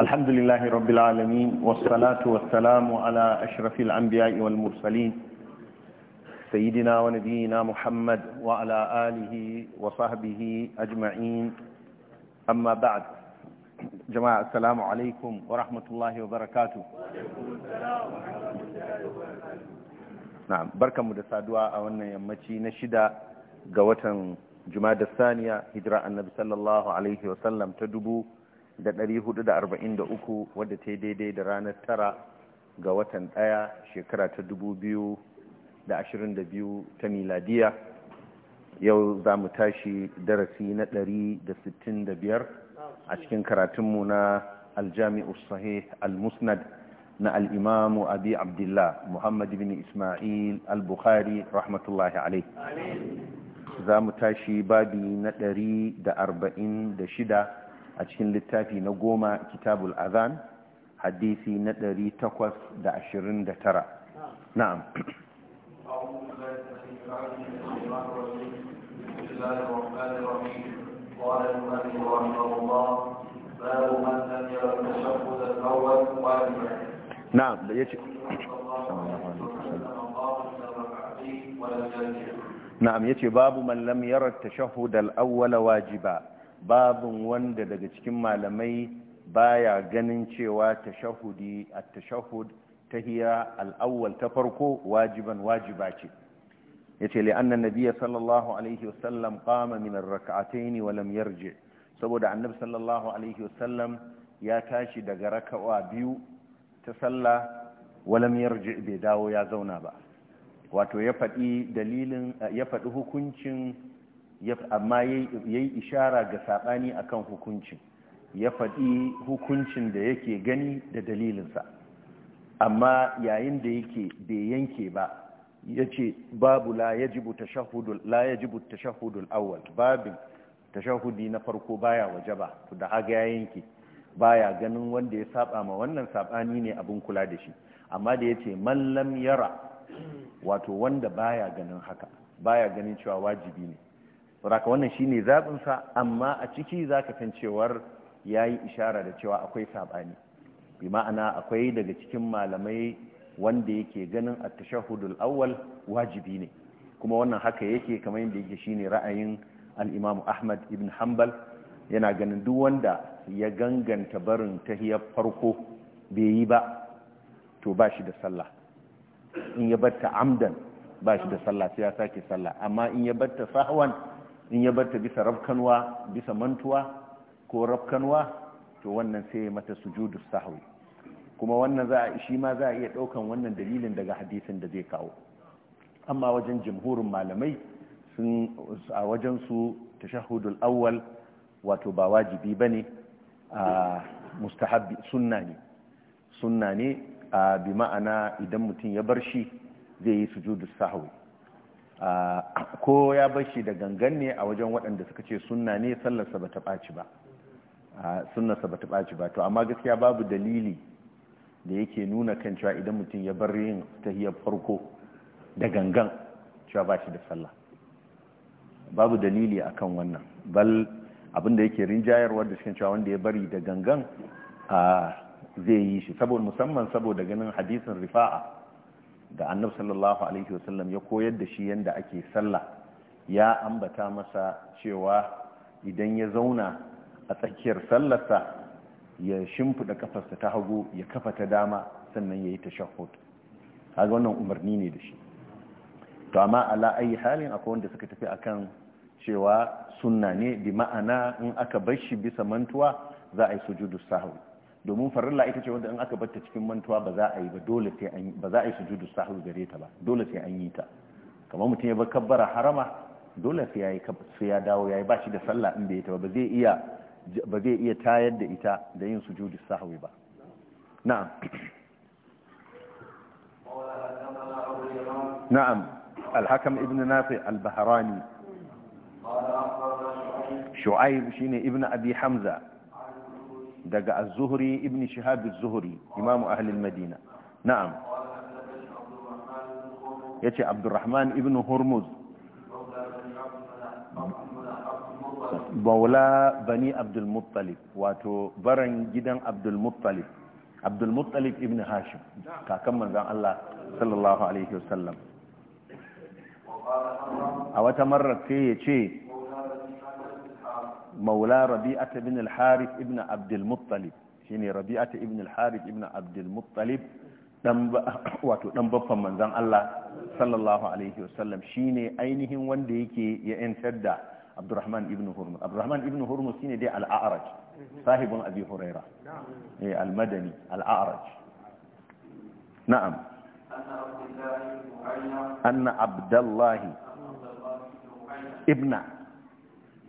الحمد لله رب العالمين والصلاة والسلام على أشرف الأنبياء والمرسلين سيدنا ونبينا محمد وعلى آله وصحبه أجمعين أما بعد جماعة السلام عليكم ورحمة الله وبركاته نعم بركة مدسة دعاء وأن يمتي نشدة قوة جماد الثانية هجرة النبي صلى الله عليه وسلم تدبو da 443 wadda ta yi daidai da ranar tara ga watan ɗaya shekara ta 2022 ta miladiya yau za mu tashi darasi na 165 a cikin karatunmu na aljami'u sahih al-musnad na al'imamu abi abdullah muhammad bin ismail al-bukhari rahmatullahi alai za mu tashi babi na 146 a cikin littafi na goma kitabul azan hadisi na 829 na'am قال المؤلف رحمه باب من لم يرى التشهد الاول واجبا نعم يجب نعم يجي باب من لم يرى التشهد الاول واجبا babin wanda daga cikin malamai baya ganin cewa tashahudi a tashahud ta al-awwal ta farko wajiban wajiba ce yace li anna nabiyya sallallahu alaihi wasallam qama min ar-rak'atayn wa saboda annabi sallallahu alaihi wasallam ya tashi daga raka'a biyu ta sallah wa lam bai dawo ya zauna ba wato ya faɗi dalilin ya faɗi hukuncin amma ya yi ishara ga saɓani a kan hukuncin ya faɗi hukuncin da yake gani da dalilinsa amma yayin da yake bai yanke ba ya ce babu la ya jibu tashahudul awal babin tashahudi na farko baya waje ba da haga ya yanke baya ganin wanda ya saba ma wannan saɓani ne abin kula da shi amma da ya ce mallam yara wato wanda baya ganin haka baya ganin cewa wajibi ne saboda wannan shine zabin sa amma a ciki zaka san cewar yayi ishara da cewa akwai sabani bi ma'ana akwai daga cikin malamai wanda yake ganin at-tashahhudul awwal wajibi ne kuma wannan haka yake kamar yadda yake shine ra'ayin al-Imam Ahmad ibn Hanbal yana ganin duk wanda ya ganganta barin tahiyar farko bai yi ba to ba shi da sallah in ya batta amdan ba shi da sallah sai ya sake sallah amma in ya batta sahwan in ya barta bisa rafkanwa bisa mantuwa ko rafkanwa to wannan sai ya mata sujudu sahwi kuma wannan za a shi ma za a iya ɗaukan wannan dalilin daga hadisin da zai kawo amma wajen jamhurin malamai sun a wajen su tashahudul awwal wato ba wajibi bane a mustahabbi sunna ne sunna ne bi ma'ana idan mutum ya bar shi zai yi sujudu sahwi ko ya bashi da gangan ne a wajen waɗanda suka ce sunna ne sallarsa ba ta ɓaci ba sunnarsa ba ta ɓaci ba to amma gaskiya babu dalili da yake nuna kan cewa idan mutum ya bar yin tahiyar farko da gangan cewa ba shi da sallah babu dalili akan wannan bal abinda yake rinjayarwar da cikin cewa wanda ya bari da gangan a zai yi shi saboda musamman saboda ganin hadisin rifa'a da annabi sallallahu alaihi wasallam ya koyar da shi yanda ake sallah ya ambata masa cewa idan ya zauna a tsakiyar sallarsa ya shimfida kafarsa ta hagu ya kafa ta dama sannan ya yi tashahhud kaga wannan umarni ne da shi to amma ala ayi halin akwai wanda suka tafi akan cewa sunna ne bi ma'ana in aka bar shi bisa mantuwa za a yi sujudu sahwi domin farilla ita ce wanda in aka batta cikin mantuwa ba za a yi ba dole sai an ba za a yi sujudu sahwi gare ta ba dole sai an yi ta kamar mutum ya bar kabbara harama dole sai yayi sai ya dawo yayi ba shi da sallah in bai yi ta ba zai iya ba zai iya tayar da ita da yin sujudu sahwi ba na'am na'am al-hakam ibn nafi al-bahrani shu'aib shine ibn abi hamza daga az-zuhri ibn shihab az-zuhri imamu ahli al-madina na'am yace abdurrahman ibn hurmuz baula bani abdul muttalib wato baran gidan abdul muttalib abdul muttalib ibn hashim kakan manzon Allah sallallahu alaihi wasallam a wata marar sai ya ce maula rabi'ata ibn al-harith ibn abd al-muttalib shine rabi'ata ibn al ibn abd al-muttalib dan wato dan babban manzon Allah sallallahu alaihi wasallam shine ainihin wanda yake ya yantar da Abdurrahman ibn Hurmuz Abdurrahman ibn Hurmuz shine dai al-A'raj sahibin Abi Huraira eh al-Madani al-A'raj na'am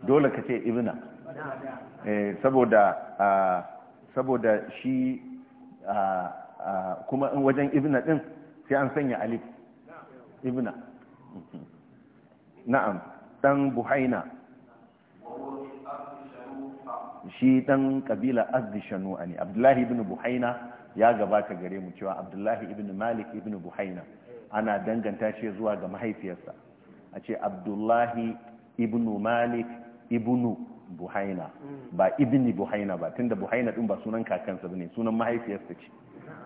dole ka ce ibna eh, saboda shi kuma wajen ibna din sai an sanya alif ibna na'am dan buhaina shi dan kabila azdishanu'a ne abdullahi ibn buhaina ya gabata gare mu cewa abdullahi ibn malik ibn buhaina ana danganta shi zuwa ga mahaifiyarsa a ce abdullahi ibn malik ibnu buhaina mm. ba ibni buhaina ba tunda buhaina din ba sunan kakansa bane sunan mahaifiyarsa ce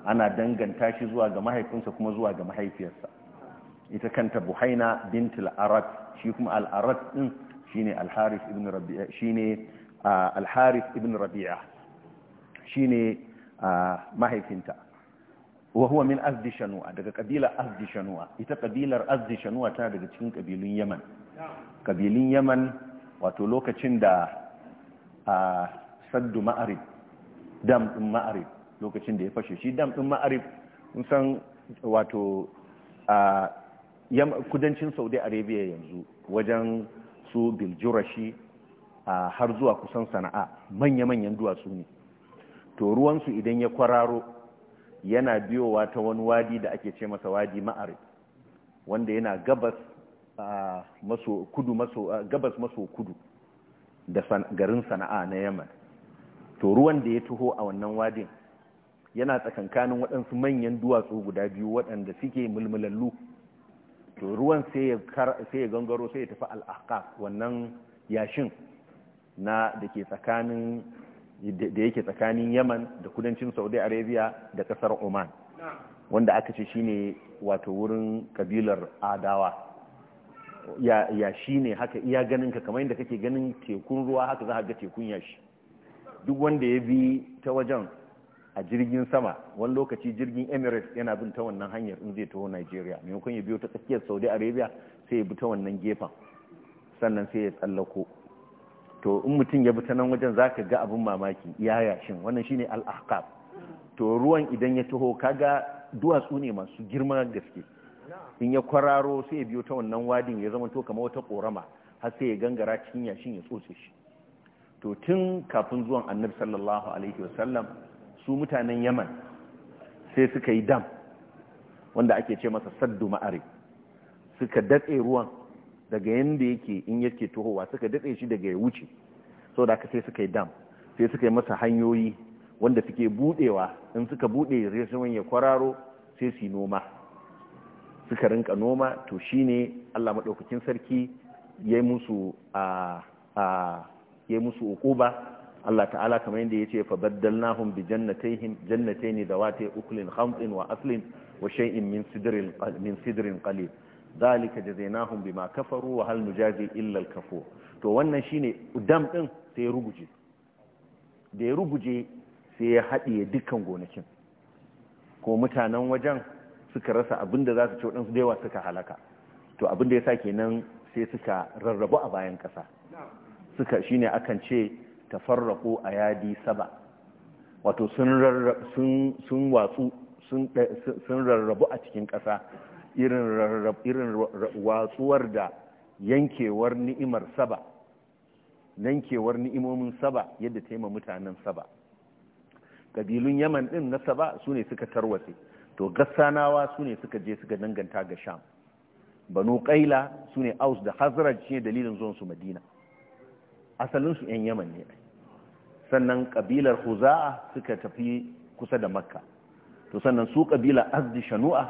ana danganta shi zuwa ga mahaifinsa kuma zuwa ga mahaifiyarsa ita kanta buhaina bintul arat shi kuma al arat din shine al harith ibn rabi'a shine al harith ibn rabi'a shine mahaifinta wa huwa min azdi shanu'a daga kabilar azdi shanu'a ita kabilar azdi shanu'a tana daga cikin kabilun yaman kabilun yaman wato lokacin da a saddu ma'arif dam ɗin ma'arif lokacin da ya fashe shi dam ɗin mun san wato a kudancin saudi arabia yanzu wajen su biljurashi har zuwa kusan sana'a manya-manyan duwatsu ne to ruwansu idan ya kwararo yana biyowa ta wani wadi da ake ce masa wadi ma'arif wanda yana gabas gabas maso kudu da garin sana'a na yaman to ruwan da ya taho a wannan wadin yana tsakankanin waɗansu manyan duwatsu guda biyu waɗanda suke mulmulallu to ruwan sai ya gangaro sai ya tafi al'aka wannan yashin na da ke tsakanin da yake tsakanin yaman da kudancin saudi arabia da ƙasar oman wanda aka ce shine wato wurin kabilar adawa ya yashi ne haka iya ganin ka kamar yadda kake ganin tekun ruwa haka za a ga tekun yashi duk wanda ya bi ta wajen a jirgin sama wani lokaci jirgin emirates yana bin ta wannan hanyar in zai taho nigeria maimakon ya biyo ta tsakiyar saudi arabia sai ya bi ta wannan gefen sannan sai ya tsallako to in mutum ya bi ta nan wajen za ka ga abin mamaki iya yashin wannan shine al to ruwan idan ya taho kaga duwatsu ne masu girma gaske in ya kwararo sai ya biyo ta wannan wadin ya zama to kamar wata korama har sai ya gangara cikin yashin ya tsotse shi to tun kafin zuwan annabi sallallahu alaihi wasallam su mutanen yaman sai suka yi dam wanda ake ce masa saddu ma'ari suka datse ruwan daga yadda yake in yake tohowa suka datse shi daga ya wuce so da aka sai suka yi dam sai suka yi masa hanyoyi wanda suke budewa in suka bude wani ya kwararo sai su yi noma suka rinka noma to shi ne Allah maɗaukakin sarki ya yi musu a ya musu uquba Allah ta'ala kamar yadda yace fa baddalnahum bi jannatayhim jannatayn dawati uklin khamtin wa aslin wa shay'in min sidrin min sidrin qalil zalika jazainahum bima kafaru wa hal nujazi illa al kafur to wannan shine dam ɗin sai ya ruguje da ya ruguje sai ya haɗiye dukkan gonakin ko mutanen wajen suka rasa abin da za su ci waɗansu da yawa suka halaka to abin da ya sa kenan sai suka rarrabu a bayan ƙasa suka ne akan ce a yadi saba wato sun watsu sun rarrabu a cikin ƙasa irin watsuwar da yankewar ni'imar saba nankewar ni'imomin saba yadda taima mutanen saba ƙabilun yaman ɗin na saba su ne suka tarwatse to gassanawa su ne suka je suka danganta ga sham banu su ne aus da hazraj shi ne dalilin zuwansu madina asalinsu 'yan yaman ne sannan kabilar huza'a suka tafi kusa da makka to sannan su kabila azdi shanu'a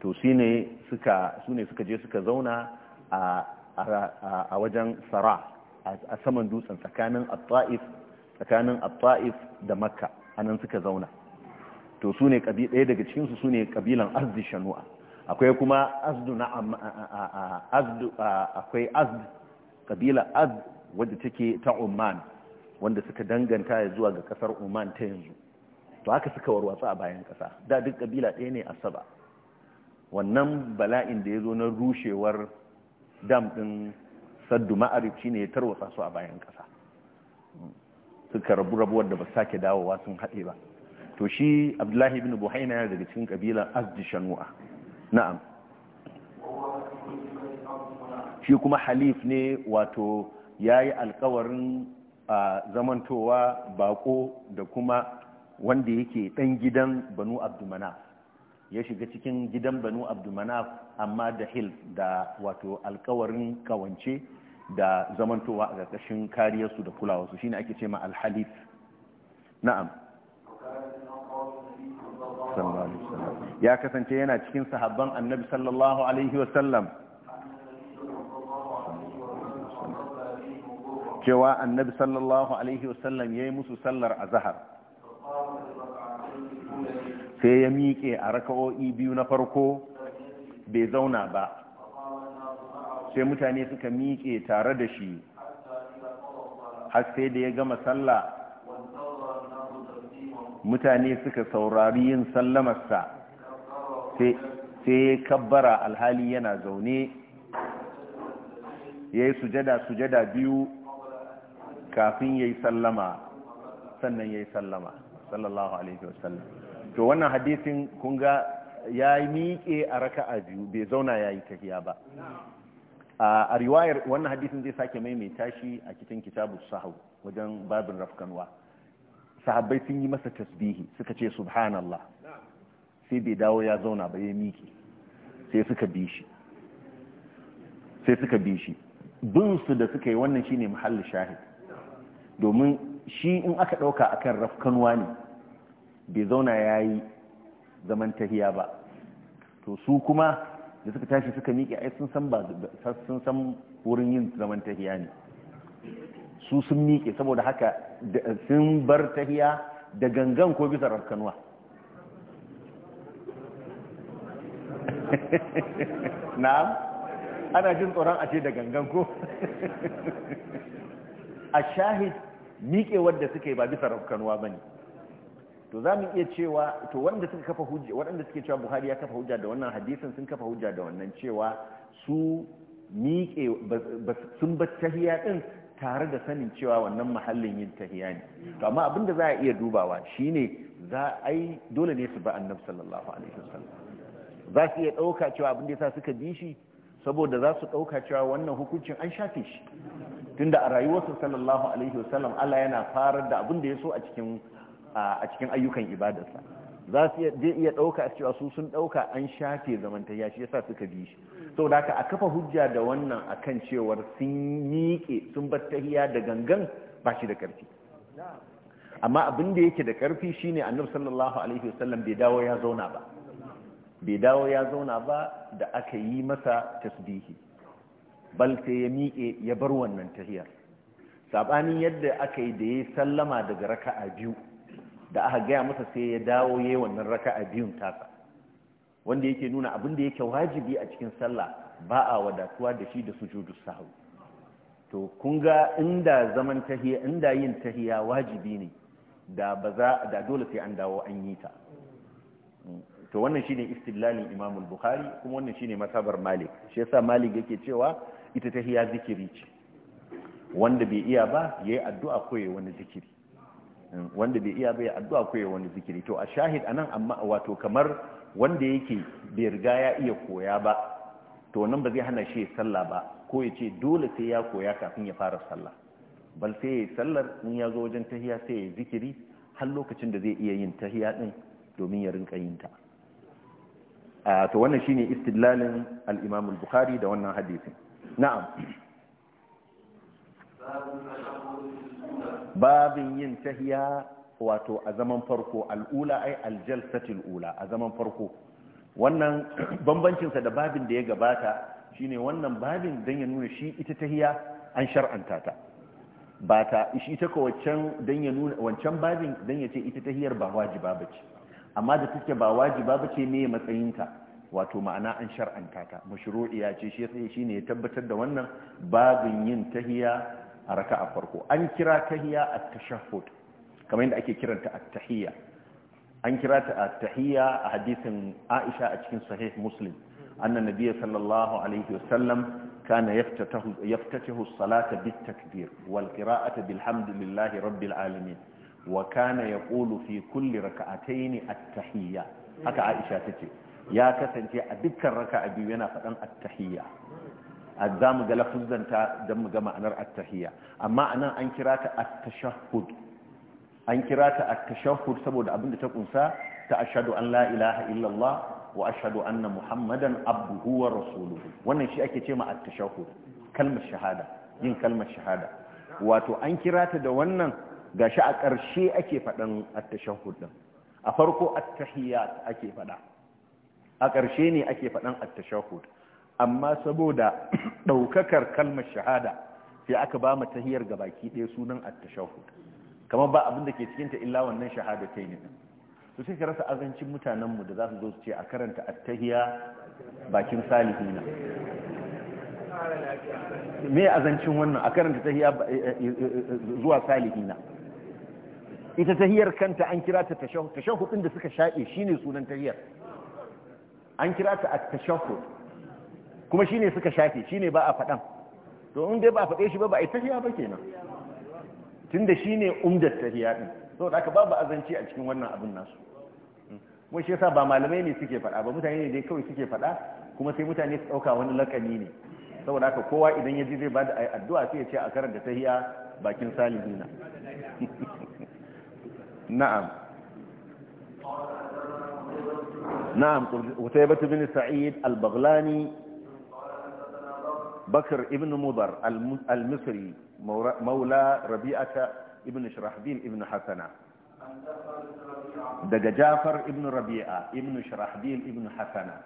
to su ne suka je suka zauna a wajen sara a saman dutsen tsakanin al tsakanin al da makka anan suka zauna to su ne ɗaya daga cikinsu su ne ƙabilan azdi shanu'a akwai kuma azdu na azdu akwai azd ƙabila azd wadda take ta umman wanda suka danganta ya zuwa ga ƙasar umman ta yanzu to haka suka warwatsa a bayan ƙasa da duk ƙabila ɗaya ne a saba wannan bala'in da ya zo na rushewar dam ɗin saddu ma'arif ne ya tarwatsa su a bayan ƙasa suka rabu rabuwar da ba sake dawowa sun haɗe ba to shi abdullahi ibn buhaina ya daga cikin kabila azdi shanu'a na'am shi kuma halif ne wato ya yi alkawarin zamantowa bako da kuma wanda yake dan gidan banu abdumanaf ya shiga cikin gidan banu abdumanaf amma da hil da wato alkawarin kawance da zamantowa a ƙarƙashin kariyarsu da kulawarsu shine ake ce ma alhalif na'am ya kasance yana cikin sahabban annabi sallallahu alaihi wasallam cewa annabi sallallahu alaihi wasallam ya yi musu sallar azahar sai ya miƙe a raka'o'i biyu na farko bai zauna ba sai mutane suka miƙe tare da shi har sai da ya gama sallah mutane suka saurari yin sallamarsa sai kabbara alhali yana zaune ya yi sujada sujada biyu kafin ya yi sallama sannan ya yi sallama sallallahu alaihi wasallam to wannan hadisin kunga ya yi miƙe a raka'a biyu bai zauna ya yi tafiya ba a riwayar wannan hadisin zai sake mai mai tashi a cikin kitabu sahu wajen babin rafkanwa sahabbai sun yi masa tasbihi suka ce subhanallah sai bai dawo ya zauna ba ya miki sai suka bi shi sai suka bi shi bin su da suka yi wannan shine mahallin shahid domin shi in aka ɗauka akan rafkanwa ne bai zauna yayi zaman tahiya ba to su kuma da suka tashi suka miƙe ai sun san ba sun san wurin yin zaman tahiya ne su sun miƙe saboda haka sun bar tahiya da gangan ko bisa rafkanwa na'am ana jin tsoron ashe da gangan ko a shahid miƙe wadda suka yi ba bisa rafkanuwa ba ne to za mu iya cewa to wanda suka kafa hujja waɗanda suke cewa buhari ya kafa hujja da wannan hadisin sun kafa hujja da wannan cewa su miƙe sun ba tahiya ɗin tare da sanin cewa wannan mahallin yin tahiya ne to amma abinda za a iya dubawa shine za a yi dole ne su ba annabi sallallahu alaihi wasallam za su iya ɗauka cewa abin da ya sa suka bi shi saboda za su ɗauka cewa wannan hukuncin an shafe shi tunda a rayuwarsa sallallahu alaihi wasallam Allah yana farar da abin da ya so a cikin ayyukan ibadarsa za su iya ɗauka cewa su sun ɗauka an shafe zamantayya shi ya sa suka bi shi saboda haka a kafa hujja da wannan akan cewar sun miƙe sun bar tahiya da gangan ba shi da ƙarfi amma abin da yake da ƙarfi shine annabi sallallahu alaihi wasallam bai dawo ya zauna ba bai dawo ya zauna ba da aka yi masa tasbihi bal sai ya miƙe ya bar wannan tahiyar Saɓanin yadda aka yi da ya sallama daga raka'a biyu da aka gaya masa sai ya dawo ya yi wannan raka'a biyun tasa wanda yake nuna abin da yake wajibi a cikin sallah ba a wadatuwa da shi da sujudu sahu to kun ga inda zaman tahiya inda yin tahiya wajibi ne da ba da dole sai an dawo an yi ta to wannan shine istidlalin Imam al-Bukhari kuma wannan shine masabar Malik shi yasa Malik yake cewa ita tahiyya zikiri ce wanda bai iya ba yayi addu'a ko yayi wani zikiri hmm, wanda bai iya ba yayi addu'a ko yayi wani zikiri to a shahid anan amma wato kamar wanda yake bai riga ya iya koya ba to nan ba zai hana shi sallah ba ko yace dole sai ya koya kafin ya fara sallah bal sai ya sallar in ya zo wajen tahiya sai ya zikiri har lokacin da zai iya yin tahiya din domin ya rinka yin ta to wannan shine istidlalin al-Imam al-Bukhari da wannan hadisin na'am babin yin tahiya wato a zaman farko al'ula ai aljalsatil ula a zaman farko wannan bambancinsa da babin da ya gabata shine wannan babin dan ya nuna shi ita tahiya an shar'anta ta ba ta shi ta ko wancan dan ya nuna wancan babin dan ya ce ita tahiyar ba wajiba bace amma da take ba wajiba ba ce me matsayinka wato ma'ana an shar'anta ta mashru'iya ce shi sai shine ya tabbatar da wannan babin yin tahiyya a raka'a farko an kira tahiyya at-tashahhud kamar yadda ake kiranta at-tahiyya an kira ta at-tahiyya a hadisin Aisha a cikin sahih Muslim anna nabiyyi sallallahu alaihi wasallam kana yaftatahu yaftatahu as-salata bit-takbir wal qira'ata bilhamdillahi rabbil alamin wa kana yaqulu fi kulli ne at-tahiyya haka Aisha tace ya kasance a dukkan raka'a biyu yana faɗan at-tahiyya za mu ga lafuzzanta don mu ga ma'anar attahiyya amma a nan an kira ta attashahud an kira ta attashahud saboda abinda ta kunsa ta ashadu an la ilaha illallah wa ashadu na muhammadan abduhu wa rasuluhu wannan shi ake ce ma attashahud kalmar shahada yin kalmar shahada wato an kira ta da wannan shi a ƙarshe ake faɗan attashahud ɗin a farko attahiyya ake faɗa a ƙarshe ne ake faɗan attashahud amma saboda ɗaukakar kalmar shahada sai aka ba matahiyar ga baki ɗaya sunan attashahud kamar ba abin da ke cikinta illa wannan shahada shahadatai ne su sai ka rasa azancin mutanenmu da za su zo su ce a karanta attahiyya bakin bakin salihina me azancin wannan a karanta tahiyya eh, eh, eh, zuwa salihina ita tahiyar kanta an kira ta tashahud tashahud da suka shaɗe shine sunan tahiyar an kira ta at-tashahud kuma shine suka shafe shine ba a faɗan to in dai ba a faɗe shi ba ba a tahiya ba kenan tunda shine umdat tahiya din saboda haka babu azanci a cikin wannan abin nasu mm. kuma shi yasa ba malamai ne suke faɗa ba mutane ne dai kawai suke faɗa kuma sai mutane su ɗauka wani lakani ne saboda haka kowa idan ya ji zai bada addu'a sai ya ce a karanta tahiya bakin salihina na'am na'am bin Sa'id al سعيد البغلاني Ibn ابن al المصري مولى ربيعة Ibn شرحبيل Ibn حسنة daga Jafar ibn Rabi'a ibn Shirahbil ibn Hasana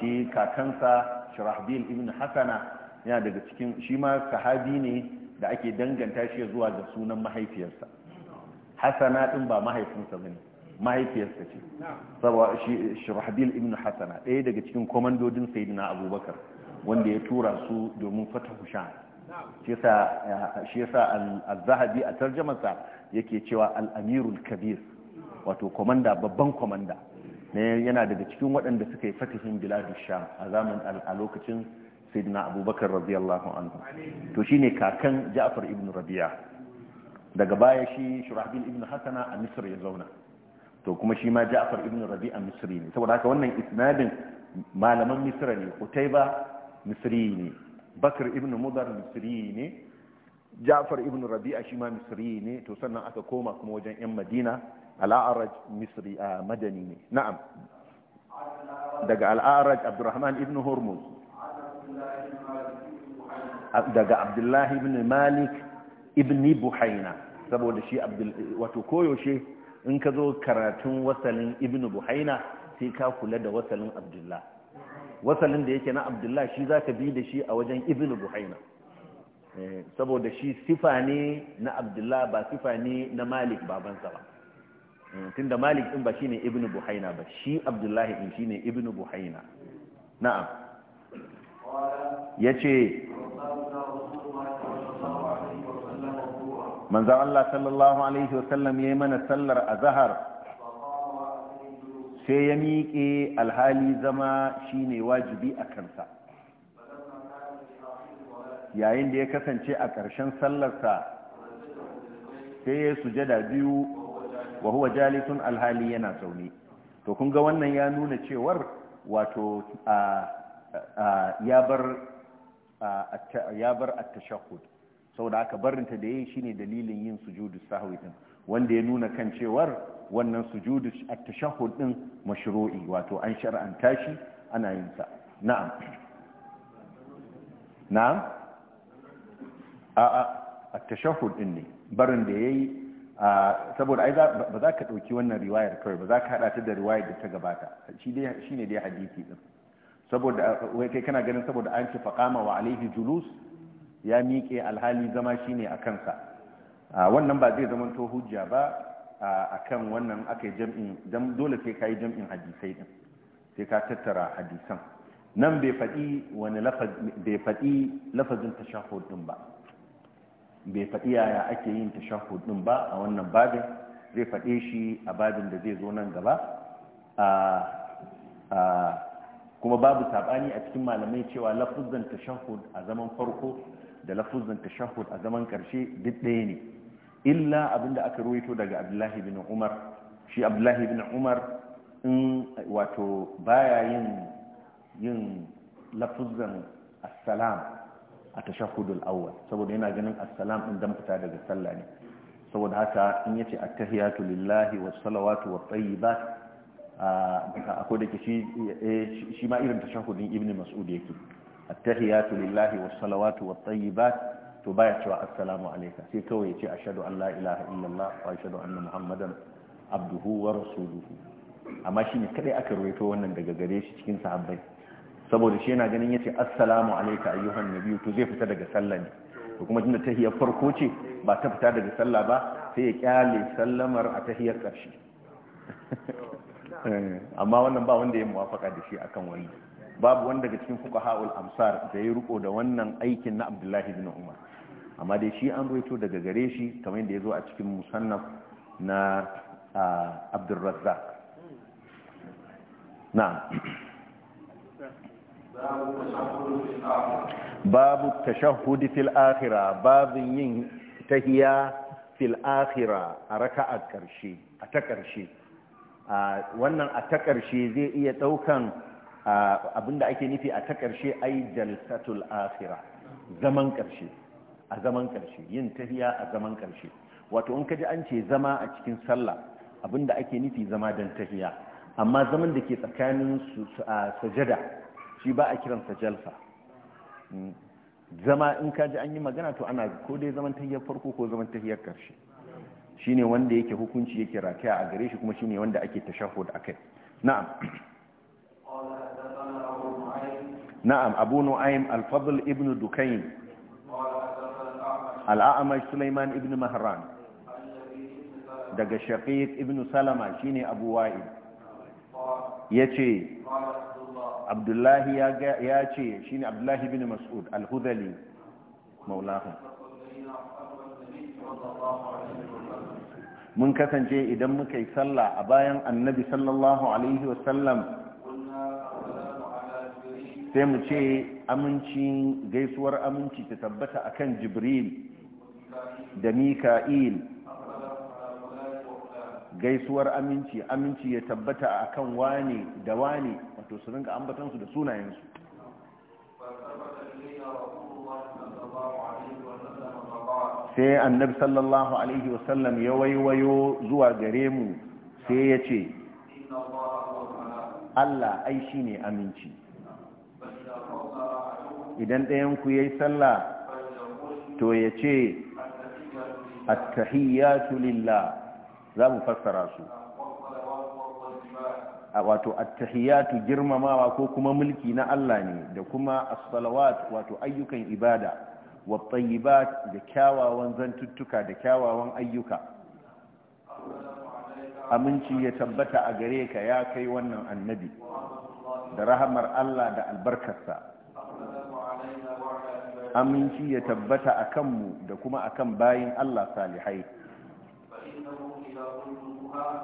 shi kakansa Shirahbil ibn Hasana yana daga cikin shi ma sahabi ne da ake danganta shi zuwa ga sunan mahaifiyarsa hasana din ba mahaifinsa bane mahaifiyarsa ce saboda shi shurahbil ibn hasana ɗaya daga cikin komandodin sayyidina abubakar wanda ya tura su domin fatahu sha shi yasa al-zahabi a tarjamarsa yake cewa al-amirul kabir wato komanda babban komanda ne yana daga cikin waɗanda suka yi fatihin biladu sha a zaman a lokacin sayyidina abubakar radiyallahu anhu to shine kakan ja'far ibn rabi'a daga baya shi shurahbil ibn hasana a misr ya zauna to kuma shi ma ja'far ibn rabi a misri ne saboda haka wannan isnadin malaman misra ne kutaiba misri ne bakar ibn mudar misri ne ja'far ibn rabi'a shi ma misri ne to sannan aka koma kuma wajen yan madina al'araj misri a madani ne na'am daga al'araj abdurrahman ibn hormuz daga abdullahi ibn malik ibni buhaina saboda shi wato koyaushe in ka zo karatun wasalin ibnu buhaina sai ka kula da wasalin abdullah wasalin da yake na abdullah shi za ka bi da shi a wajen ibnu buhaina eh, saboda shi sifa ne na abdullah ba sifa ne na malik babansa ba eh, tun da malik ɗin ba shi ne ibnu buhaina ba shi abdullahi ɗin shi ne ibnu buhaina na'am ya ce manzan Allah sallallahu alaihi wasallam ya yi mana sallar a zahar sai ya miƙe alhali zama shine wajibi a kansa yayin da ya kasance a ƙarshen sallarsa sai ya sujada biyu wa huwa alhali yana zaune to kun ga wannan ya nuna cewar wato ya bar a tashahhud saboda aka barinta da yayi shine dalilin yin sujudu sahwi din wanda ya nuna kan cewar wannan sujudu a tashahud din mashru'i wato an shar'anta shi ana yin sa na'am na'am a a at din ne barin da yayi saboda ai ba za ka dauki wannan riwayar kawai ba za ka hada ta da riwayar da ta gabata shi dai shine dai hadisi din saboda wai kai kana ganin saboda an ce faqama wa alaihi julus ya miƙe alhali zama shine a kansa wannan ba zai zama to hujja ba a kan wannan aka yi jam'in don dole sai ka yi jam'in hadisai din sai ka tattara hadisan nan bai faɗi wani bai faɗi lafazin tashahud din ba bai faɗi yaya ake yin tashahud din ba a wannan babin zai faɗe shi a babin da zai zo nan gaba kuma babu saɓani a cikin malamai cewa lafazin tashahud a zaman farko da lafuzin tashahud a zaman karshe duk ɗaya ne illa abinda aka ruwaito daga abdullahi bin umar shi abdullahi bin umar in wato baya yin yin lafuzin assalam a tashahudul awwal saboda yana ganin assalam din dan fita daga sallah ne saboda haka in yace attahiyatu lillahi was salawatu wat tayyibat akwai da shi eh, shi ma irin tashahudin ibn mas'ud yake attahiyatu lillahi was salawatu wat tayyibat to baya cewa assalamu alayka sai kawai ya ce ashhadu an la ilaha illallah wa ashhadu anna muhammadan abduhu wa rasuluhu amma ne kadai aka ruwaito wannan daga gare shi cikin sahabbai saboda shi yana ganin yace assalamu alayka ayyuhan nabiyyu to zai fita daga sallah ne to kuma tunda tahiyar farko ce ba ta fita daga sallah ba sai ya kyale sallamar a tahiyar karshe eh, amma wannan ba wanda ya muwafaka da shi akan wannan babu wanda daga cikin ha'ul amsar da ya riko da wannan aikin na Abdullahi bin Umar amma dai shi an ruwaito daga gare shi kamar yadda ya zo a cikin musannaf na Abdurrazzaq Na. babu tashahhudi fil akhira babu yin tahiya fil akhira a raka'a karshe a ta karshe wannan a ta karshe zai iya daukan abinda ake nufi a ta ƙarshe ai jalsatul akhirah zaman ƙarshe a zaman ƙarshe yin tahiya a zaman ƙarshe wato in kaji an ce zama a cikin sallah abinda ake nufi zama don tahiya amma zaman da ke tsakanin sajada shi ba a kiransa jalsa hmm. zama in kaji an yi magana to ana ko dai zaman tahiyar farko ko zaman tahiyar ƙarshe shine wanda yake hukunci yake rataya a gare shi kuma shine wanda ake tashahud akai na'am na'am abu nu'aym al-fadl ibn dukayn al-a'mash sulaiman ibn mahran daga shaqiq ibn salama shine abu wa'id yace abdullahi ya ce shine abdullahi ibn mas'ud al-hudali mun kasance idan muka yi sallah a bayan annabi sallallahu alaihi sai mu ce amincin gaisuwar aminci ta tabbata akan jibril da mika'il gaisuwar aminci aminci ya tabbata akan wani da wani wato su rinka ambatansu da sunayensu sai annabi sallallahu alaihi wasallam ya waiwayo zuwa gare mu sai ya ce Allah ai shi ne aminci idan ɗayanku ya yi sallah to ya ce attahiyyatu lillah za mu fassara su a wato attahiyatu girmamawa ko kuma mulki na Allah ne da kuma asfalawat wato ayyukan ibada wa ba da kyawawan zantuttuka da kyawawan ayyuka aminci ya tabbata a gare ka ya kai wannan annabi da rahamar Allah da albarkarsa aminci ya tabbata a kanmu da kuma a kan bayin Allah salihai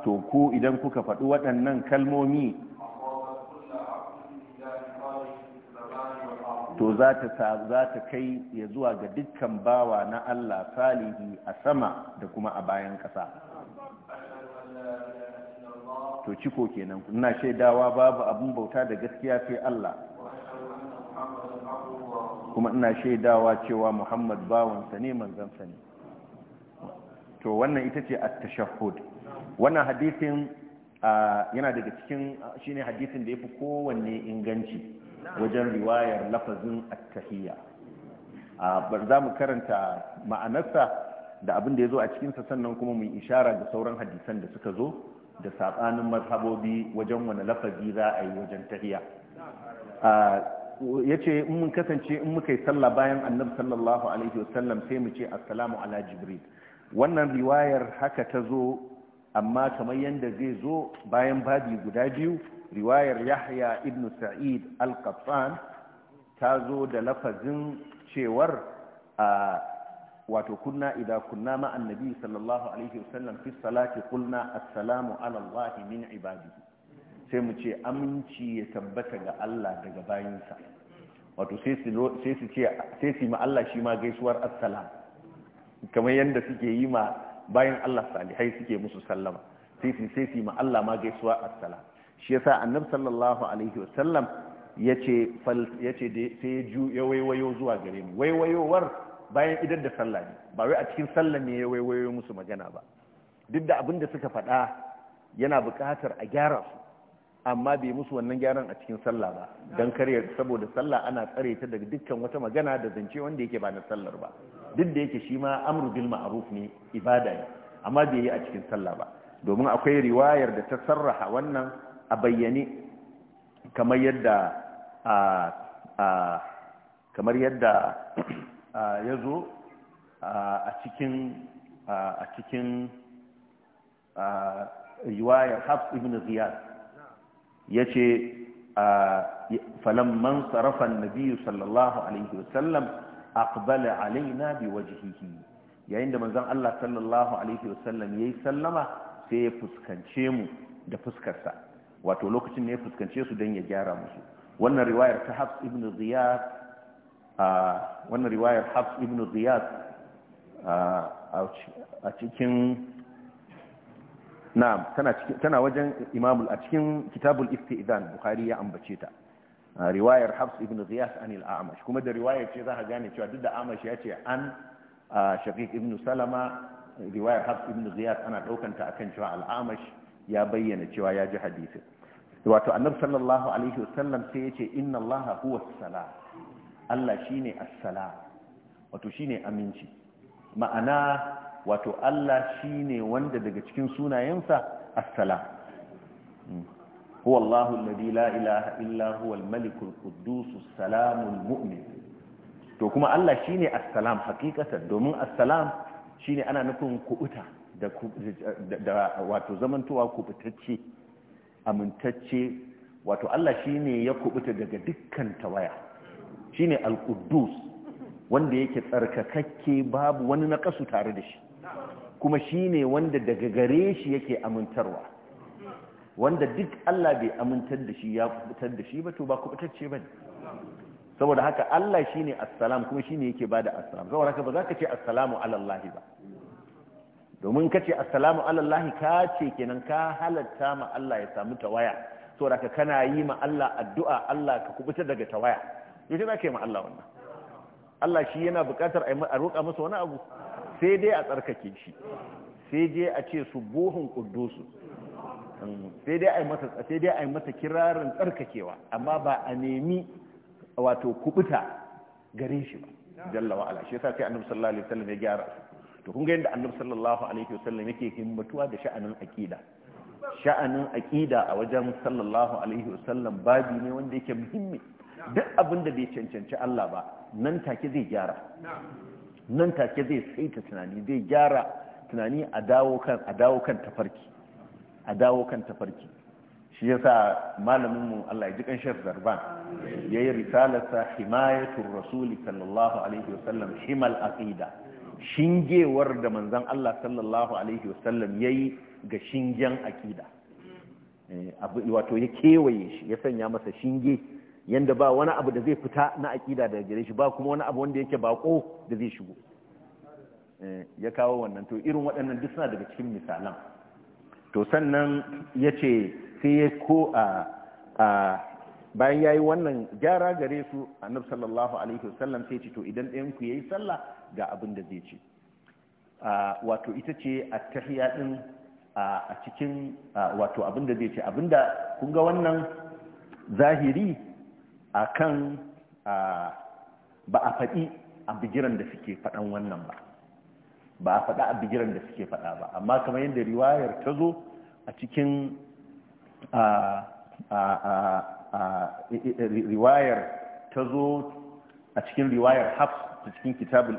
to ku idan kuka faɗi waɗannan kalmomi to za ta kai ya zuwa ga dukkan bawa na Allah salihi a sama da kuma a bayan ƙasa to ciko kenan ina shaidawa babu abin bauta da gaskiya sai Allah kuma ina shaidawa cewa muhammad bawansa ne manzansa ne to wannan ita ce at-tashahhud wannan hadisin yana daga cikin shine hadisin da ya fi kowanne inganci wajen riwayar lafazin at-tahiyya bar za mu karanta ma'anarsa da abin da ya zo a cikinsa sannan kuma mu yi ishara da sauran hadisan da suka zo da saɓanin marhabobi wajen wani lafazi za a yi wajen tahiyya ya ce in mun kasance in muka yi salla bayan annabi sallallahu alaihi wasallam sai mu ce assalamu ala jibril wannan riwayar haka ta zo amma kamar yadda zai zo bayan babi guda biyu riwayar yahya ibnu sa'id al-qattan ta zo da lafazin cewar wato kunna idza kunna ma annabi sallallahu alaihi wasallam fi salati qulna assalamu ala allahi min ibadihi sai mu ce aminci ya tabbata ga Allah daga bayinsa wato sai su ce sai su ma Allah shi ma gaisuwar assalam kamar yadda suke yi ma bayan Allah salihai suke musu sallama sai su sai su ma Allah ma gaisuwar assalam shi yasa annabi sallallahu alaihi wasallam yace fal yace sai ya ju ya waiwayo zuwa gare mu waiwayowar bayan idan da sallah ne ba wai a cikin sallah ne ya waiwayo musu magana ba duk da abin da suka faɗa yana buƙatar a gyara su amma bai musu wannan gyaran a cikin sallah ba don kare saboda sallah ana tsare ta daga dukkan wata magana da zance wanda yake ba na sallar ba duk da yake shi ma amru bil ma'ruf ne ibada ne amma bai yi a cikin sallah ba domin akwai riwayar da ta sarraha wannan a bayyane kamar yadda a kamar yadda ya zo a cikin a cikin riwayar hafs ibn ziyad Ya yace falamman sarafa nabiyu sallallahu alaihi wasallam aqbala alaina biwajhihi yayin da manzon Allah sallallahu alaihi wasallam yayi sallama sai ya fuskance mu da fuskarsa wato lokacin ne ya fuskance su dan ya gyara musu wannan riwayar ta Hafs ibn Ziyad wannan riwayar Hafs ibn Ziyad a cikin na'am tana tana wajen imamul a cikin kitabul isti'zan bukhari ya ambace ta riwayar hafs ibn ghiyas an al-a'mash kuma da riwayar ce za ka gane cewa duk da amash ya ce an shaqiq ibn salama riwayar hafs ibn ghiyas ana daukan ta akan cewa al-a'mash ya bayyana cewa ya ji hadisin wato annabi sallallahu alaihi wasallam sai ya ce inna allaha huwa as-salam Allah shine as sala wato shine aminci ma'ana wato Allah shine wanda daga cikin sunayensa as-salam hmm. huwa Allahu alladhi la ilaha illa huwa al-malik al-quddus mumin to kuma Allah shine as-salam hakikatan domin as-salam shine ana nufin kubuta da wato zamantowa kubutacce amintacce wato Allah shine ya kubuta daga dukkan tawaya shine al-quddus wanda yake tsarkakakke babu wani nakasu tare da shi kuma shi ne wanda daga gare shi yake amintarwa wanda duk Allah bai amintar da shi ya kubutar da shi ba to ba kubutacce ba ne saboda haka Allah shi ne assalam kuma shi ne yake ba da assalam Zaura haka ba za ka ce assalamu alallahi ba domin ka ce assalamu alallahi ka ce kenan ka halatta ma Allah ya samu tawaya saboda haka kana yi ma Allah addu'a Allah ka kubutar daga tawaya yaushe za ka yi ma Allah wannan Allah shi yana buƙatar a roƙa masa wani abu sai dai a tsarkake shi sai dai a ce su buhun kuddusu um, sai dai a yi masa sai dai a yi mata kirarin tsarkakewa amma ba a nemi wato kubuta gare shi ba jalla wa ala shi yasa sai annabi sallallahu alaihi wasallam ya gyara to kun ga yadda annabi sallallahu alaihi wasallam yake himmatuwa da sha'anin aqida sha'anin aqida a wajen sallallahu alaihi wasallam babi ne wanda yake muhimmi duk abin da bai cancanci Allah ba nan take zai gyara nan take zai saita tunani zai gyara tunani a dawo kan tafarki a dawo kan tafarki shi yasa malaminmu Allah ya ji kanshar zarban yayi risalarsa himayatun rasuli sallallahu alaihi wasallam himal aqida shingewar da manzon Allah sallallahu alaihi wasallam yayi ga shingen aqida mm. eh, wato ya kewaye shi ya sanya masa shinge yanda ba wani abu da zai fita na aƙida daga gare shi ba kuma wani abu wanda yake baƙo da zai shigo eh, ya kawo wannan to irin waɗannan duk suna daga cikin misalan to sannan ya ce sai ya ko a bayan ya yi wannan gyara gare su a nufi sallallahu alaihi wasallam sai ce to idan ɗayanku ya yi sallah ga abin da zai ce wato ita ce a tahiya ɗin a cikin wato abin da zai ce abin da kun ga wannan zahiri A kan ba a faɗi a bigiran da suke faɗan wannan ba ba a faɗa a bigiran da suke faɗa ba amma kamar yadda riwayar ta zo a cikin riwayar ta zo a cikin riwayar hafs a cikin kitabul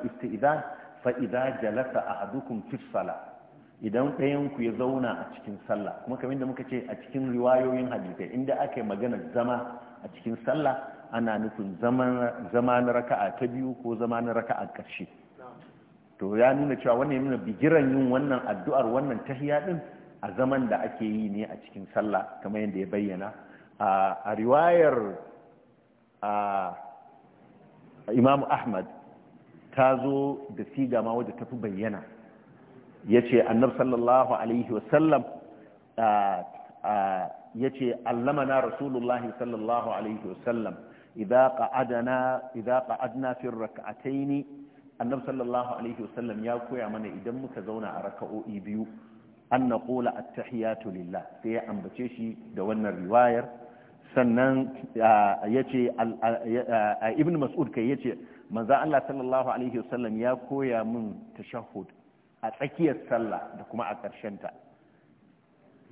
jalasa a hadukun fisala idan ɗayanku ya zauna a cikin sallah kuma kamar da muka ce a cikin riwayoyin hadisai inda aka yi maganar zama a cikin sallah ana nufin zama na raka'a ta biyu ko zama na raka'a ƙarshe to ya nuna cewa wannan ya nuna bigiran yin wannan addu'ar wannan tahiya din a zaman da ake yi ne a cikin sallah kamar yadda ya bayyana a riwayar imam ahmad ta zo da siga ma wadda tafi bayyana ya ce annab sallallahu alaihi wasallam yace allamana rasulullahi sallallahu alaihi wasallam idza qa'adna fi rak'ataini annabi sallallahu alaihi wasallam ya koya mana idan muka zauna a raka'o'i biyu an naqula at-tahiyatu lillah sai ambace shi da wannan riwayar sannan yace ibn mas'ud kai yace manzo Allah sallallahu alaihi wasallam ya koya mun tashahhud a tsakiyar sallah da kuma a ƙarshen ta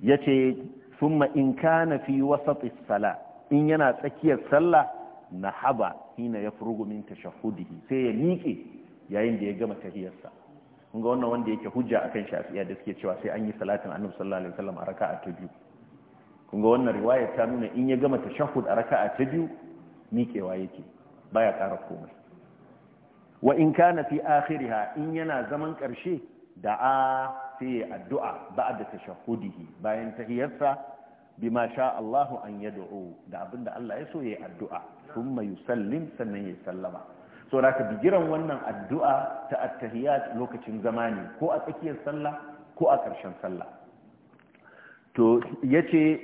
yace thumma in kana fi wasati sala in yana tsakiyar sallah na haba hina ya furugu min tashahudihi sai ya miƙe yayin da ya gama tahiyarsa kun ga wannan wanda yake hujja akan shafi'a da suke cewa sai an yi salatin annabi sallallahu alaihi wasallam a raka'a ta biyu kun ga wannan riwaya ta nuna in ya gama tashahhud a raka'a ta biyu miƙewa yake baya ƙara komai wa in kana fi akhiriha in yana zaman da a sai addu'a ba'da tashahudihi bayan tahiyarsa bima sha Allahu an yad'u da abinda Allah ya so ya yayi addu'a thumma yusallim sannan ya sallama so da ka bigiran wannan addu'a ta lokacin zamani ko a tsakiyar sallah ko a ƙarshen sallah to yace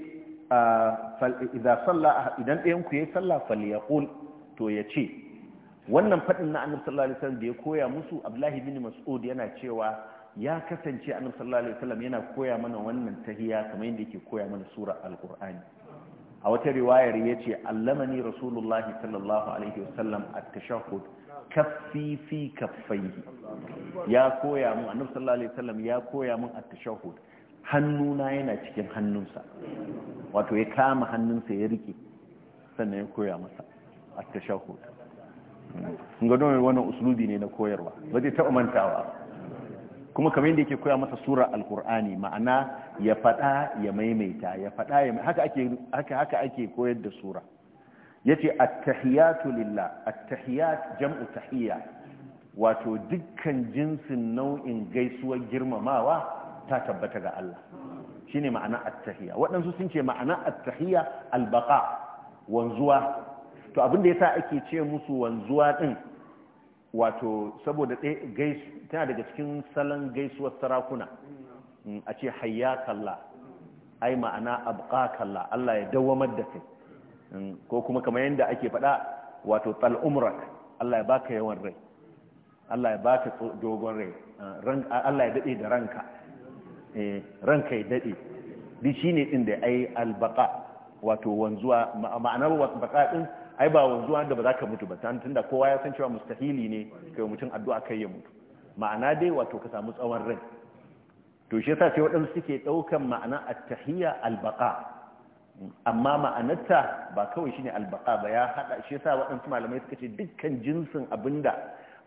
idza salla idan ɗayan ku yayi sallah falyaqul to yace wannan faɗin na Annabi sallallahu alaihi wasallam da ya koya musu Abdullahi bin Mas'ud yana cewa ya kasance annabi sallallahu alaihi wasallam yana koya mana wannan tahiya kamar yadda yake koya mana sura alqur'ani a wata riwayar yace allamani rasulullahi sallallahu alaihi wasallam at-tashahhud kaffi fi kaffaihi ya koya mun annabi sallallahu alaihi wasallam ya koya mun at-tashahhud hannuna yana cikin hannunsa wato ya kama hannunsa ya rike sannan ya koya masa at-tashahhud hmm. kun wannan ne na koyarwa ba taɓa mantawa kuma kamar yadda yake koya masa sura alkur'ani ma'ana ya faɗa ya maimaita ya faɗa ya haka ake haka haka ake koyar da sura yace at-tahiyatu lillah at-tahiyat jam'u tahiyya wato dukkan jinsin nau'in gaisuwar girmamawa ta tabbata ga Allah shine ma'ana at-tahiyya waɗansu sun ce ma'ana at-tahiyya al-baqa wanzuwa to abin da yasa ake ce musu wanzuwa din wato saboda tana daga cikin salon gaisuwar sarakuna mm, a ce hayya kalla ai ma'ana abqa kalla Allah ya dawamar da kai mm, ko kuma kamar yadda ake faɗa wato tal Allah ya baka yawan rai Allah ya baka dogon rai uh, Allah ya daɗe da ranka eh, ranka ya daɗe di shine ɗin da ai albaƙa wato wanzuwa ma'anar wasbaqa ɗin. ai ba wanzuwa da ba za ka mutu ba tunda kowa ya san cewa mustahili ne kai mutum addu'a kai ya mutu ma'ana dai wato ka samu tsawon rai to shi yasa sai waɗansu suke ɗaukan ma'ana al-baqa amma ma'anarta ba kawai shine al-baqa ba ya hada shi yasa waɗansu malamai suka ce dukkan jinsin abinda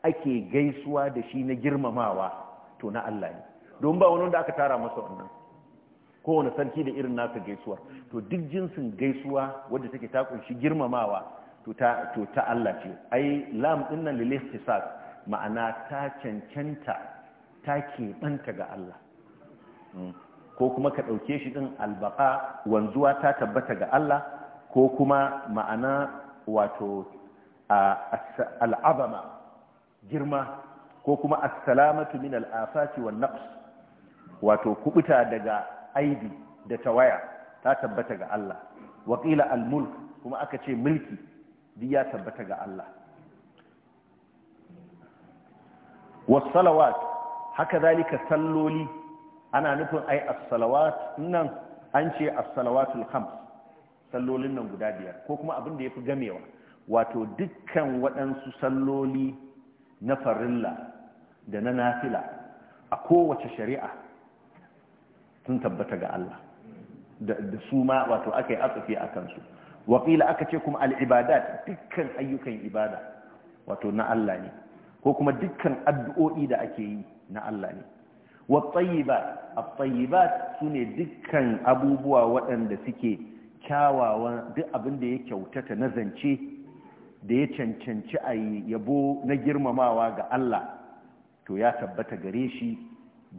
ake gaisuwa da shi na girmamawa to na Allah ne don ba wani wanda aka tara masa wannan kowane sarki da irin naka gaisuwa to duk jinsin gaisuwa wadda take ta kunshi girmamawa to ta Allah ce ai lam din nan lil ihtisab ma'ana ta cancanta ta keɓanta ga Allah hmm. ko kuma ka ɗauke shi ɗin albaqa wanzuwa ta tabbata ga Allah ko kuma ma'ana wato al'abama girma ko kuma assalamatu min al'afati wa naqs wato kubuta daga aibi da tawaya ta tabbata ga Allah waƙila al-mulk kuma aka ce mulki duk ya tabbata ga Allah wasalawat haka zalika salloli ana nufin ai as-salawat nan an ce as-salawatul khams sallolin nan guda biyar ko kuma abin da yafi gamewa wato dukkan waɗansu salloli na farilla da na nafila a kowace shari'a sun tabbata ga Allah da su ma wato aka yi atsafi a kansu waƙila aka ce kuma al'ibadat dukkan ayyukan ibada wato na Allah ne ko kuma dukkan addu'o'i da ake yi na Allah ne wattayibat su sune dukkan abubuwa waɗanda suke kyawawan duk abin da ya kyautata na zance da ya cancanci a yabo na girmamawa ga Allah to ya tabbata gare shi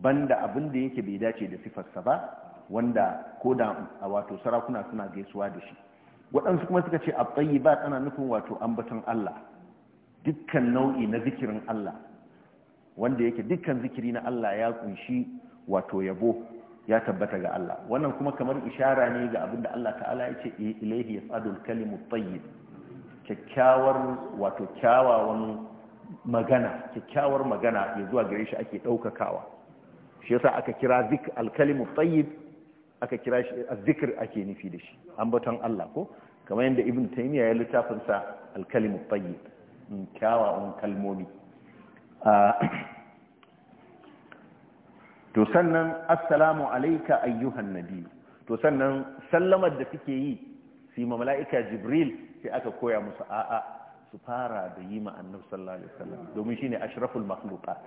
banda abin da yake bai dace da sifarsa ba wanda ko da wato sarakuna suna gaisuwa da shi waɗansu kuma suka ce at ba ana nufin wato ambatan Allah dukkan nau'i na zikirin Allah wanda yake dukkan zikiri na Allah ya kunshi wato yabo ya tabbata ga Allah wannan kuma kamar ishara ne ga abinda Allah ta'ala ya ce eh, ilaihi yasadul kalimu tayyib kyakkyawar wato kyawawan magana kyakkyawar magana ya zuwa gare shi ake ɗaukakawa shi yasa aka kira zik al-kalimu aka kira shi a zikir ake nufi da shi ambaton Allah ko kamar yadda ibn taymiya ya littafinsa sa al mm, kyawawan kalmomi ah, to sannan assalamu alaika ayyuhan nabi to sannan sallamar da suke yi sai mala'ika jibril sai aka koya musu a'a su fara da yi ma annabi sallallahu alaihi wasallam domin shine ashraful makhluqat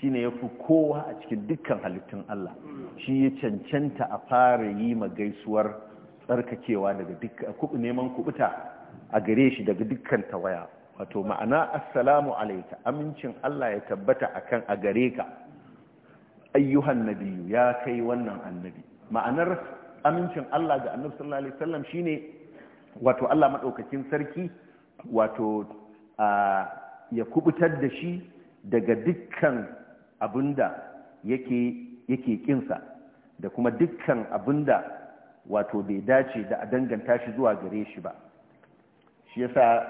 shine yafi kowa a cikin dukkan halittun Allah shi ya cancanta a fara yi ma gaisuwar tsarkakewa daga dukkan kubu neman kubuta a gare shi daga dukkan tawaya wato ma'ana assalamu alayka amincin Allah ya tabbata akan a gare ka ayyuhan nabiyyu ya kai wannan annabi ma'anar amincin Allah ga annabi sallallahu alaihi wasallam shine wato Allah madaukakin sarki wato ya kubutar da shi daga dukkan abinda yake kinsa da kuma dukkan abinda wato bai dace da a danganta shi zuwa gare shi ba shi yasa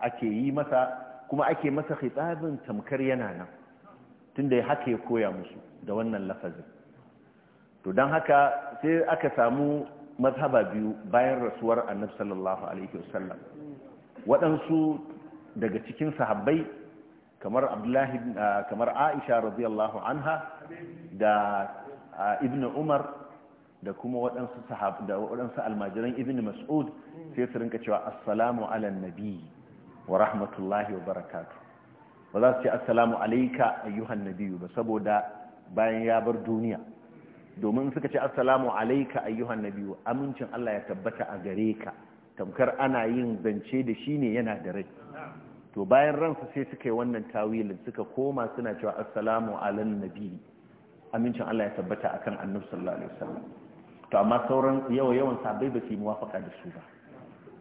ake yi masa kuma ake masa khitabin tamkar yana nan tunda haka ya koya musu da wannan lafazin to don haka sai aka samu mazhaba biyu bayan rasuwar annabi sallallahu waɗansu daga cikin sahabbai kamar abdullahi ah, kamar aisha radiyallahu anha da ah, ibn umar da kuma waɗansu sahab da waɗansu almajiran ibn mas'ud sai su rinka cewa assalamu ala nabi wa rahmatullahi wa barakatu ba za su ce assalamu alayka ayyuhan nabiyyu ba saboda bayan ya bar duniya domin suka ce assalamu alayka ayyuhan nabiyyu amincin Allah ya tabbata a gare ka tamkar ana yin zance da shi ne yana da rai to bayan ransa sai suka yi wannan tawilin suka koma suna cewa assalamu ala nabi amincin Allah ya tabbata akan annabi sallallahu alaihi wasallam to amma sauran yawa yawan sabai ba su muwafaka da su ba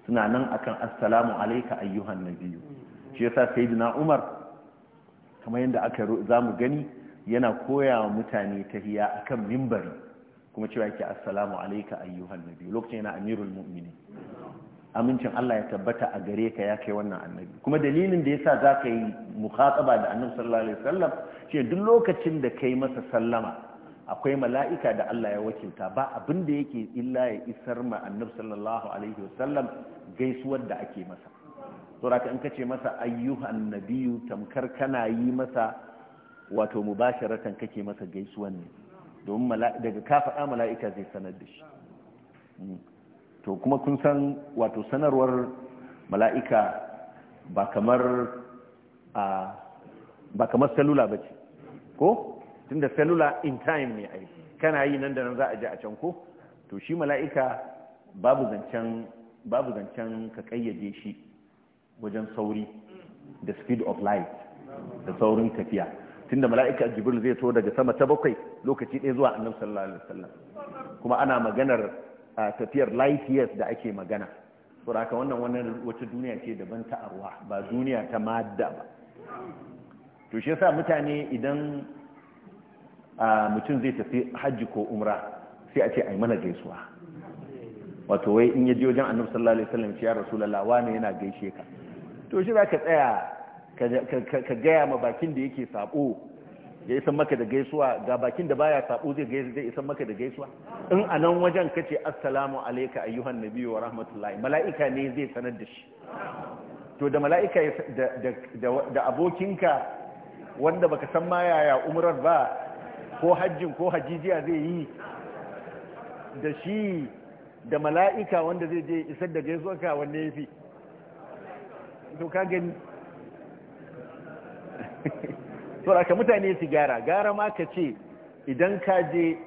suna nan akan assalamu alayka ayyuhan nabi shi yasa sayyidina Umar kamar yadda aka mu gani yana koya wa mutane tahiya akan mimbari kuma cewa yake assalamu alayka ayyuhan nabi lokacin yana amirul mu'minin amincin Allah ya tabbata a gare ka ya kai wannan annabi kuma dalilin da yasa zaka yi mukhataba da annabi sallallahu alaihi wasallam shi duk lokacin da kai masa sallama akwai mala'ika da Allah ya wakilta ba abin da yake illa ya isar ma annabi sallallahu alaihi wasallam gaisuwar da ake masa saboda in ka ce masa ayyuhan nabiyyu tamkar kana yi masa wato mubasharatan kake masa gaisuwan ne domin daga ka mala'ika zai sanar da shi hmm. to kuma kun san wato sanarwar mala'ika ba kamar a ba kamar salula ba ce ko tunda salula in time ne ai kana yi nan da nan za a je a can ko to shi mala'ika babu zancen babu zancen ka kayyade shi wajen sauri the speed of light da saurin tafiya tunda mala'ika jibril zai to daga sama ta bakwai lokaci ɗaya zuwa annabi sallallahu alaihi wasallam kuma ana maganar tafiyar light da ake magana saboda wannan wannan wata duniya ce daban ta arwa ba duniya ta madda ba to shi yasa mutane idan mutum zai tafi hajji ko umra sai a ce ai mana gaisuwa wato wai in yaji wajen annabi sallallahu alaihi wasallam ya rasulullah wani yana gaishe ka to shi ka tsaya ka gaya ma bakin da yake sabo ya isan maka da gaisuwa ga bakin da baya sabo zai gaisu zai isan maka da gaisuwa in a nan wajen kace assalamu alayka ayyuhan nabiyyu wa rahmatullahi mala'ika ne zai sanar da shi to da mala'ika da da da abokinka wanda baka san ma yaya umrar ba ko hajjin ko hajijiya zai yi da shi da mala'ika wanda zai je isar da gaisuwa ka wanne yafi to ka gani so aka mutane su gyara gara ma ka ce idan ka je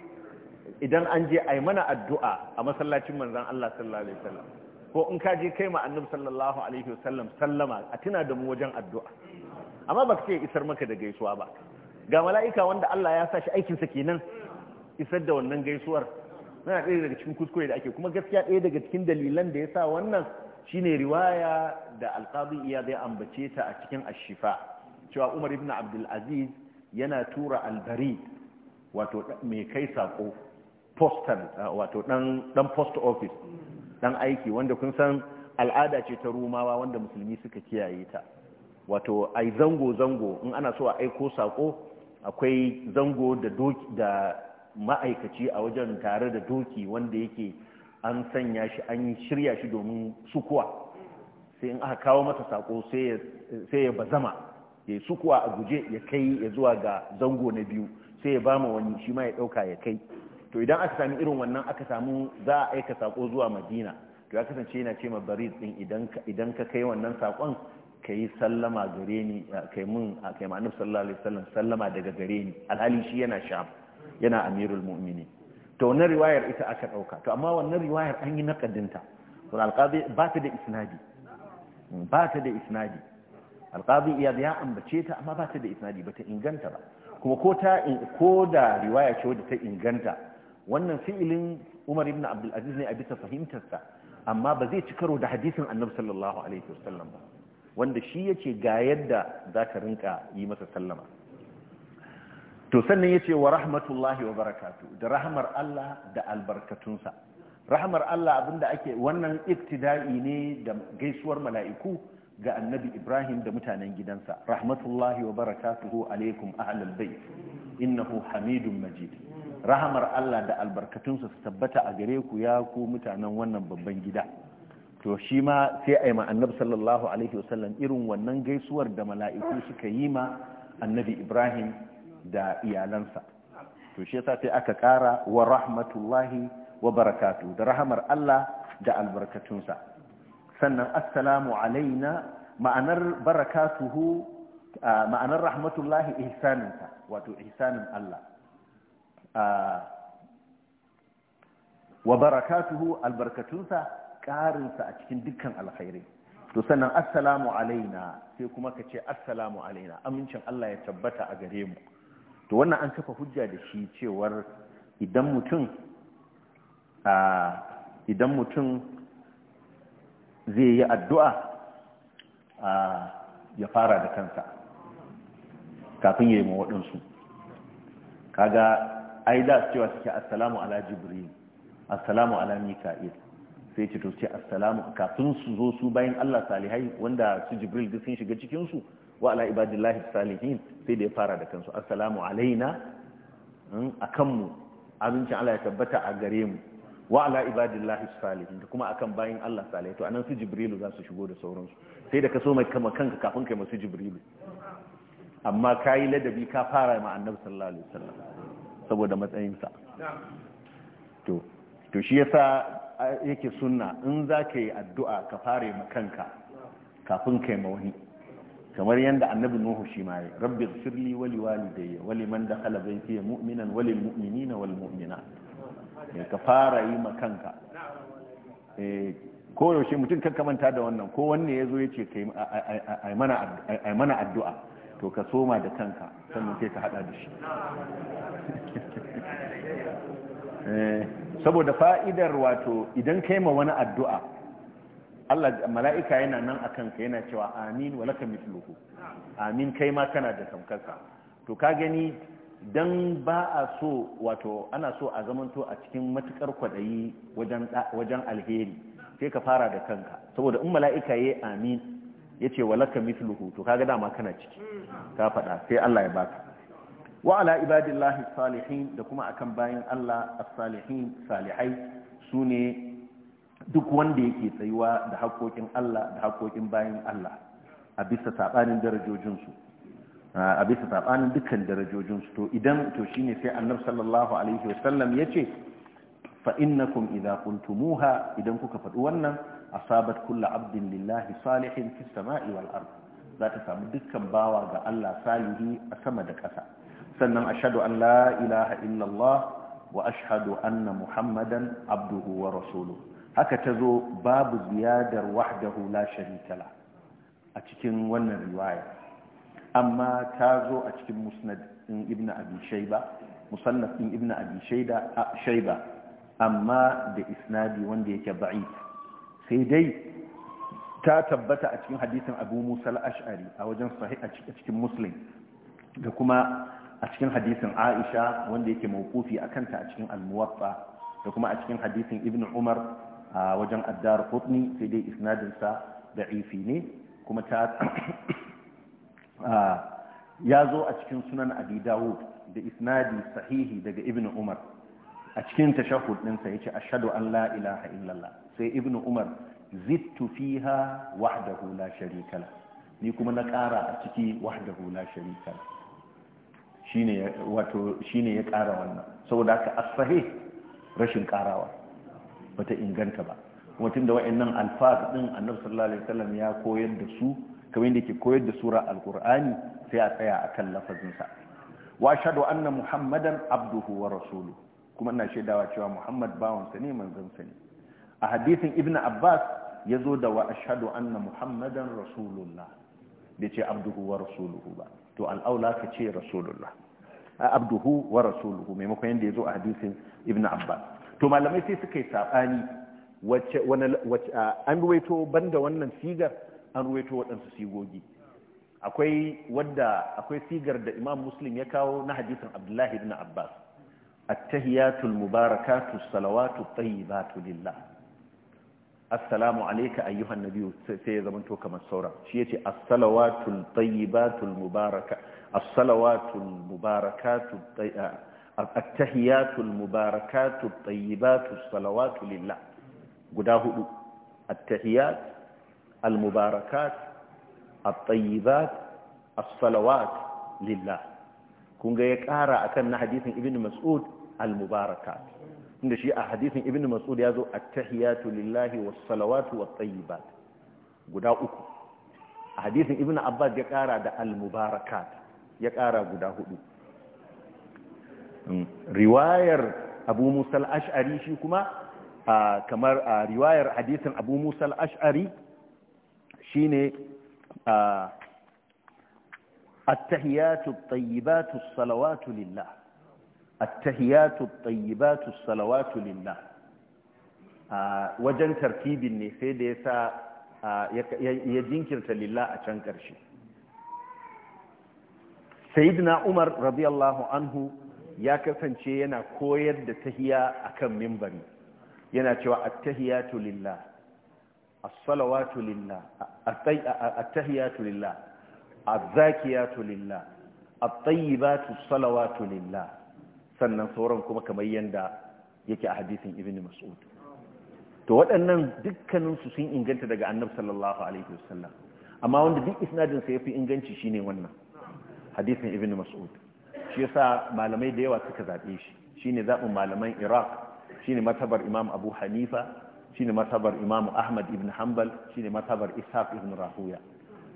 idan an je ai mana addu'a a masallacin manzan Allah sallallahu alaihi wasallam ko in ka je kai ma annabi sallallahu alaihi wasallam sallama a tuna da mu wajen addu'a amma ba ka ce isar maka da gaisuwa ba ga mala'ika wanda Allah ya sa shi aikinsa kenan isar da wannan gaisuwar na ɗaya daga cikin kuskure da ake kuma gaskiya ɗaya daga cikin dalilan da ya sa wannan shine riwaya da alqadi iya zai ambace ta a cikin ashifa cewa umar ibn abdulaziz yana tura albari wato mai kai sako postal wato dan post office dan aiki wanda kun san al'ada ce ta rumawa wanda musulmi suka kiyaye ta wato ai zango-zango in ana so a aiko sako akwai zango da doki da ma'aikaci a wajen tare da doki wanda yake an sanya shi an shirya shi domin sukuwa sai in aka kawo mata sako sai ya bazama ya sukuwa a guje ya kai ya zuwa ga zango na biyu sai ya bama wani shi ma ya dauka ya kai to idan aka sami irin wannan aka samu za a aika sako zuwa madina to ya kasance yana ce ma bari din idan ka kai wannan sakon ka yi sallama gare ni ka yi mun a kai ma'anif sallallahu alaihi wasallam sallama daga gare ni alhali shi yana sham yana amirul mu'mini to wannan riwayar ita aka dauka to amma wannan riwayar an yi nakadinta to alqazi ba ta da isnadi ba ta da isnadi iya iyad ya ambace ta amma ba ta da isnadi ba ta inganta ba kuma ko ta ko da riwaya ce wadda ta inganta wannan fi'ilin Umar ibn Abdul Aziz ne a bisa fahimtarsa amma ba zai ci karo da hadisin Annabi sallallahu alaihi wasallam ba wanda shi yace ga yadda ka rinka yi masa sallama to sannan yace wa rahmatullahi wa barakatuh da rahmar Allah da albarkatunsa rahmar Allah abinda ake wannan iktida'i ne da gaisuwar mala'iku ga annabi ibrahim da mutanen gidansa rahmatullahi wa barakatuhu alaikum ahlal bait innahu hamidun majid rahamar allah da albarkatunsa su tabbata a gare ku ya ku mutanen wannan babban gida to shi ma sai a yi ma annabi sallallahu alaihi wasallam irin wannan gaisuwar da mala'iku suka yi ma annabi ibrahim da iyalansa to shi yasa sai aka kara wa rahmatullahi wa barakatu da rahamar allah da albarkatunsa sannan assalamu alaina ma'anar barakatuhu ma'anar rahmatullahi ihsaninsa wato ihsanin Allah wa barakatuhu albarkatunsa ƙarinsa a cikin dukkan alkhairi to sannan assalamu alaina sai kuma ka ce assalamu alaina amincin Allah ya tabbata a gare mu to wannan an kafa hujja da shi cewar idan mutum idan mutum zai yi addu'a ya fara da kansa kafin ya yi mawaɗinsu waɗansu kaga ai da cewa suke assalamu ala jibril assalamu ala mika'il sai ce to ce assalamu kafin su zo su bayan Allah salihai wanda su jibril duk sun shiga cikin su wa ala ibadillahi salihin sai da ya fara da kansu assalamu alaina hmm, akan mu abincin Allah ya tabbata a gare mu wa ala ibadillahi salihin da kuma akan bayin Allah salihai to anan su jibrilu za su shigo da sauransu sai da ka so mai kama kanka kafin kai masu jibrilu amma ka yi ladabi ka fara ma annabi sallallahu alaihi wasallam saboda matsayinsa to to shi yasa yake sunna in za ka yi addu'a ka fara ma kanka kafin kai ma wani kamar yadda annabi nuhu shi ma ya rabbi ghfirli wa liwalidayya wa liman dakhala baytiya mu'minan wa lil wal mu'minat ka fara yi ma kanka eh, ko yaushe mutum kan manta da wannan ko wanne ya zo ya ce yi mana addu'a to ka soma da kanka sannan sai ka hada da shi eh, saboda fa'idar wato idan ka yi ma wani addu'a Allah mala'ika yana nan a kanka yana cewa amin wa laka mitluhu amin kai ma kana da tamkarka to ka gani don ba a so wato ana so a zamanto a cikin matukar kwaɗayi wajen alheri sai ka fara da kanka saboda in mala'ika ya amin ya ce walaka misluhu to kaga dama kana ciki ka faɗa sai Allah ya baka wa ala ibadillahi salihin da kuma akan bayan Allah as-salihin salihai ne duk wanda yake tsayuwa da haƙoƙin Allah da haƙoƙin bayan Allah a bisa sabanin darajojinsu a bisa sabanin dukkan darajojin su to idan to shine sai annabi sallallahu alaihi wasallam yace fa innakum idza qultumuha idan kuka faɗi wannan a kullu abdin lillahi salihin fis ma'iwal wal ard za ta samu dukkan bawa ga Allah salihi a sama da ƙasa sannan ashadu an la ilaha illallah wa ashhadu anna muhammadan abduhu wa rasuluhu haka ta zo babu ziyadar wahdahu la sharika a cikin wannan riwaya amma ta zo a cikin musnad ɗin ibn abi shaiba musannaf ɗin ibn abi shaiba amma da isnadi wanda yake ba'i sai dai ta tabbata a cikin hadisin abu musa al-ash'ari a wajen sahih a cikin muslim da kuma a cikin hadisin aisha wanda yake mawqufi akan ta a cikin al-muwatta da kuma a cikin hadisin ibn umar a wajen addar qutni sai dai isnadin sa da'ifi ne kuma ta ya zo a cikin sunan abi dawud da isnadi sahihi daga ibn umar a cikin tashahud ɗinsa ya ce ashadu an la ilaha illallah sai ibn umar zittu fiha wahdahu la sharika la ni kuma na kara a ciki wahdahu la sharika la shine wato shine ya kara wannan saboda haka as-sahih rashin ƙarawa bata inganta ba kuma tunda wayannan alfaz din annabi sallallahu alaihi wasallam ya koyar da su kamar yadda ke koyar da sura alkur'ani sai a tsaya a kan lafazinsa wa shaɗu anna muhammadan abduhu wa rasulu kuma ina shaidawa cewa muhammad bawansa ne manzansa ne a hadisin ibn abbas ya zo da wa ashadu anna muhammadan rasulullah da ce abduhu wa rasuluhu ba to al'aula ka ce rasulullah abduhu wa rasuluhu maimakon yadda ya zo a hadisin ibn abbas to malamai sai suka yi saɓani an ruwaito banda wannan sigar an ruwaito waɗansu sigogi akwai wadda akwai sigar da imam muslim ya kawo na hadisin abdullahi ibn abbas attahiyatul mubarakatu salawatu tayyibatu lillah assalamu alayka ayyuhan nabiyyu sai ya zamanto kamar saura shi yace as-salawatul tayyibatul mubaraka as-salawatul mubarakatu attahiyatul mubarakatu tayyibatu salawatu lillah guda hudu attahiyat al-mubarakat at-tayyibat as-salawat lillah kun ga ya ƙara akan na hadisin ibn mas'ud al-mubarakat inda shi a hadisin ibn mas'ud ya zo at-tahiyatu lillahi was-salawatu wat-tayyibat guda uku a hadisin ibn abbas ya ƙara da al-mubarakat ya ƙara guda hudu riwayar abu musa al-ash'ari shi kuma kamar riwayar hadisin abu musa ashari shine a التحيات الطيبات الصلوات لله التحيات الطيبات الصلوات لله wajen tartibin ne sai da ya sa ya jinkirta lillah a can ƙarshe sayyidina umar radiyallahu anhu ya kasance yana koyar da tahiya akan mimbari yana cewa attahiyatu lillah as-salawatu lillah at-tahiyatu lillah az-zakiyatu lillah at-tayyibatu salawatu lillah sannan sauran kuma kamar yanda yake a hadisin Ibin mas'ud to waɗannan dukkaninsu sun inganta daga annab sallallahu alaihi wasallam amma wanda duk isnadinsa ya fi inganci shine wannan hadisin ibn mas'ud shi yasa malamai da yawa suka zaɓe shi shine zabin malaman iraq shine matabar imam abu hanifa shine masabar imamu ahmad ibn hanbal shine masabar ishaq ibn rahuya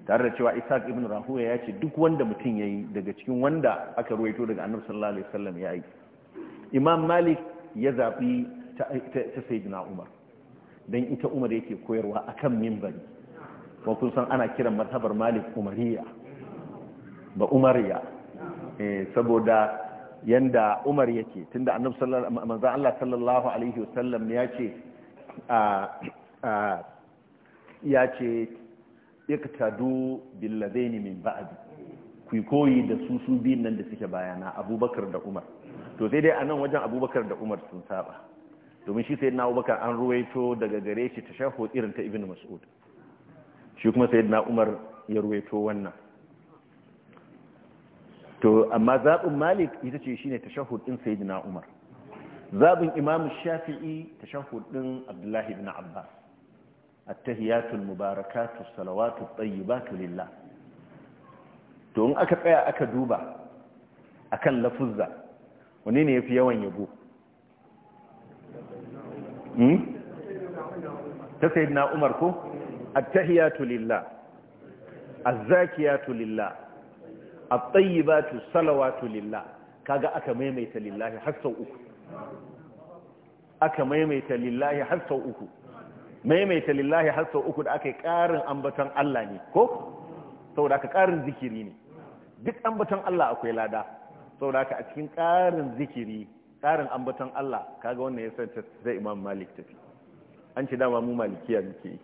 tare da cewa ishaq ibn rahuya ya ce duk wanda mutum ya yi daga cikin wanda aka ruwaito daga annabi sallallahu alaihi wasallam ya yi imam malik ya zaɓi ta sayyidina umar don ita umar yake koyarwa akan mimbari ko kun san ana kiran masabar malik umariya ba umariya eh, saboda yanda umar yake tunda annabi sallallahu alaihi wasallam ya ce ya ce iktadu billadaini min ba'di ku koyi da su su biyun nan da suke bayana abubakar da umar to sai dai a nan wajen abubakar da umar sun saba domin shi sai na abubakar an ruwaito daga gare shi ta irin ta Ibnu mas'ud shi kuma sai na umar ya ruwaito wannan to amma zaɓin malik ita ce shine ta shaho ɗin umar zabin imam shafi'i tashahhud din abdullahi ibn abbas a tahiyatul mubarakatu salawatu tayyibatu lillah to in aka tsaya aka duba akan lafuzza wani ne ya fi yawan yabo hmm? ta sayyidina umar ko a tahiyatu lillah az-zakiyatu lillah at-tayyibatu salawatu lillah kaga aka maimaita lillahi har sau uku aka maimaita lillahi har sau uku maimaita lillahi har sau uku da aka yi ƙarin ambaton Allah ne ko da aka ƙarin zikiri ne duk ambaton Allah akwai lada da aka a cikin ƙarin zikiri ƙarin ambaton Allah kaga wannan ya sai zai Imam Malik tafi an ce dama mu malikiya muke yi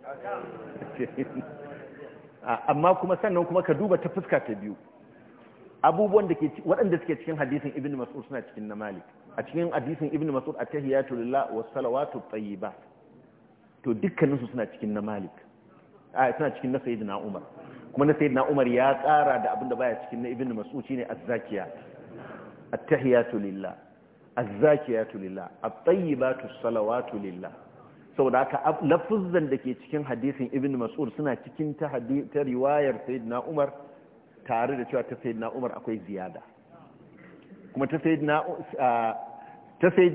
amma kuma sannan kuma ka duba ta fuska ta biyu abubuwan da ke waɗanda suke cikin hadisin Ibn Mas'ud suna cikin na Malik a cikin hadisin ibn mas'ud at-tahiyatu lillah was salawatu tayyibat to dukkaninsu su suna cikin na malik a suna cikin na sayyidina umar kuma na sayyidina umar ya tsara da abinda baya cikin na ibn mas'ud shine az-zakiyat at-tahiyatu lillah az-zakiyatu lillah at-tayyibatu salawatu lillah saboda haka lafuzan da ke cikin hadisin ibn mas'ud suna cikin ta riwayar sayyidina umar tare da cewa ta sayyidina umar akwai ziyada kuma ta sayi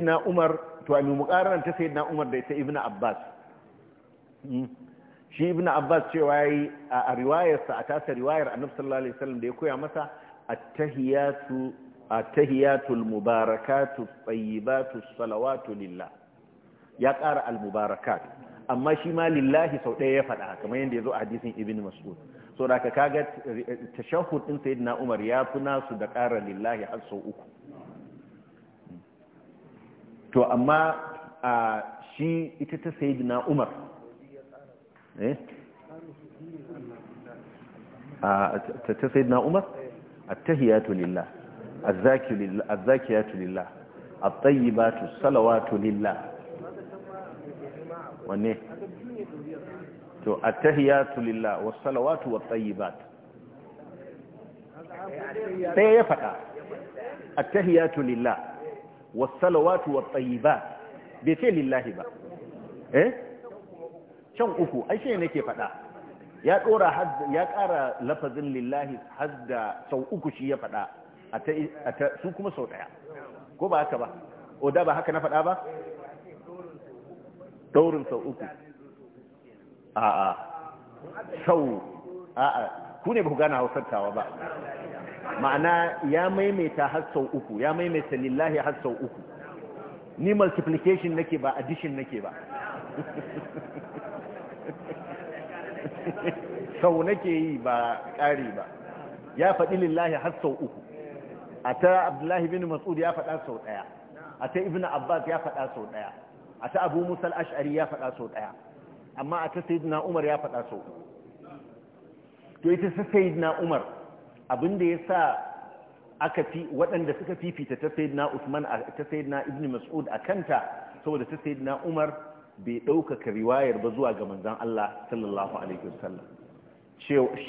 na Umar to a muqarana ta na Umar da ita Ibn Abbas hmm. shi Ibn Abbas cewa yi a riwayarsa a tasa riwayar Annabi sallallahu alaihi wasallam da ya koya masa a tahiyatul mubarakatu salawa salawatu lillah ya ƙara al-mubarakat amma shi ma lillahi sau ɗaya ya faɗa kamar yadda ya zo a hadisin Ibn Mas'ud so da ka kaga tashahud din na Umar ya fi nasu da ƙara lillahi har sau uku to amma a shi ita ta na Umar eh a ta na Umar at-tahiyatu lillah a zakiyatu lillah az-zakiyatu lillah at-tayyibatu salawatu lillah wanne to attahiyatu lillah was salawatu wat tayyibat sai ya faɗa attahiyatu lillah was salawatu wat tayyibat bai ce lillahi ba eh can uku ai shi nake faɗa ya dora ya ƙara lafazin lillahi har da sau uku shi ya faɗa su kuma sau ɗaya ko ba haka ba o da ba haka na faɗa ba daurin sau uku a'a sau a'a ku ne ba ku gane hausartawa ba ma'ana ya maimaita har sau uku ya maimaita lillahi har sau uku ni multiplication nake ba addition nake ba sau nake yi ba ƙari ba ya faɗi lillahi har sau uku a ta abdullahi bin mas'ud ya faɗa sau ɗaya a ta ibn abbas ya faɗa sau ɗaya a ta abu musal ash'ari ya faɗa sau ɗaya amma a ta sayyidina umar ya faɗa so to ita ta sayyidina umar abinda ya sa aka fi waɗanda suka fifita ta sayyidina usman a ta sayyidina ibn mas'ud a kanta saboda ta sayyidina umar bai ɗaukaka riwayar ba zuwa ga manzan Allah sallallahu alaihi wasallam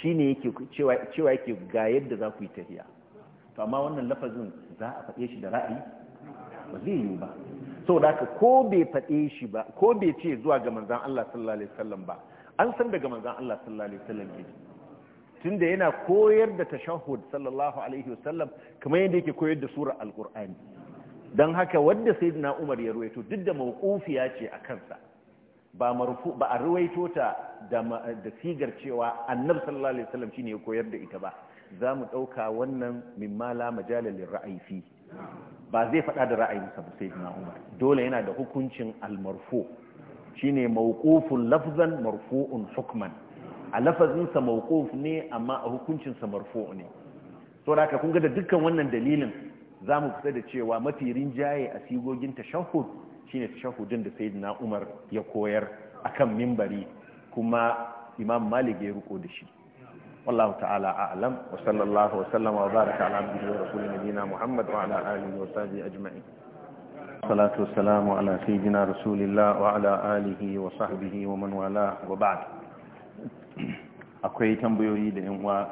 shi ne yake cewa yake ga yadda za ku yi tafiya to amma wannan lafazin za a faɗe shi da ra'ayi ba zai yi ba saboda ka ko bai faɗe shi ba ko bai ce zuwa ga manzan Allah sallallahu alaihi wasallam ba an san daga manzan Allah sallallahu alaihi wasallam ne tunda yana koyar da tashahhud sallallahu alaihi wasallam kamar yadda yake koyar da sura alqur'ani dan haka wanda sayyidina Umar ya ruwaito duk da ya ce a kansa ba marfu ba a ruwaito ta da da sigar cewa annabi sallallahu alaihi wasallam shine ya koyar da ita ba zamu dauka wannan mimma la majalal fi ba zai faɗa da ra'ayinsa ba sai na Umar dole yana da hukuncin al-marfu shine mawqufun lafzan marfu'un hukman a lafazinsa mawquf ne amma a hukuncinsa marfu' ne saboda ka kun ga da dukkan wannan dalilin zamu fita da cewa mafi rinjaye a sigogin tashahhud shine tashahudin da na Umar ya koyar a kan mimbari kuma Imam Malik ya ruko da shi والله تعالى أعلم وصلى الله وسلم وبارك على عبده ورسوله نبينا محمد وعلى آله وصحبه أجمعين الصلاة والسلام على سيدنا رسول الله وعلى آله وصحبه ومن والاه وبعد akwai tambayoyi da yan uwa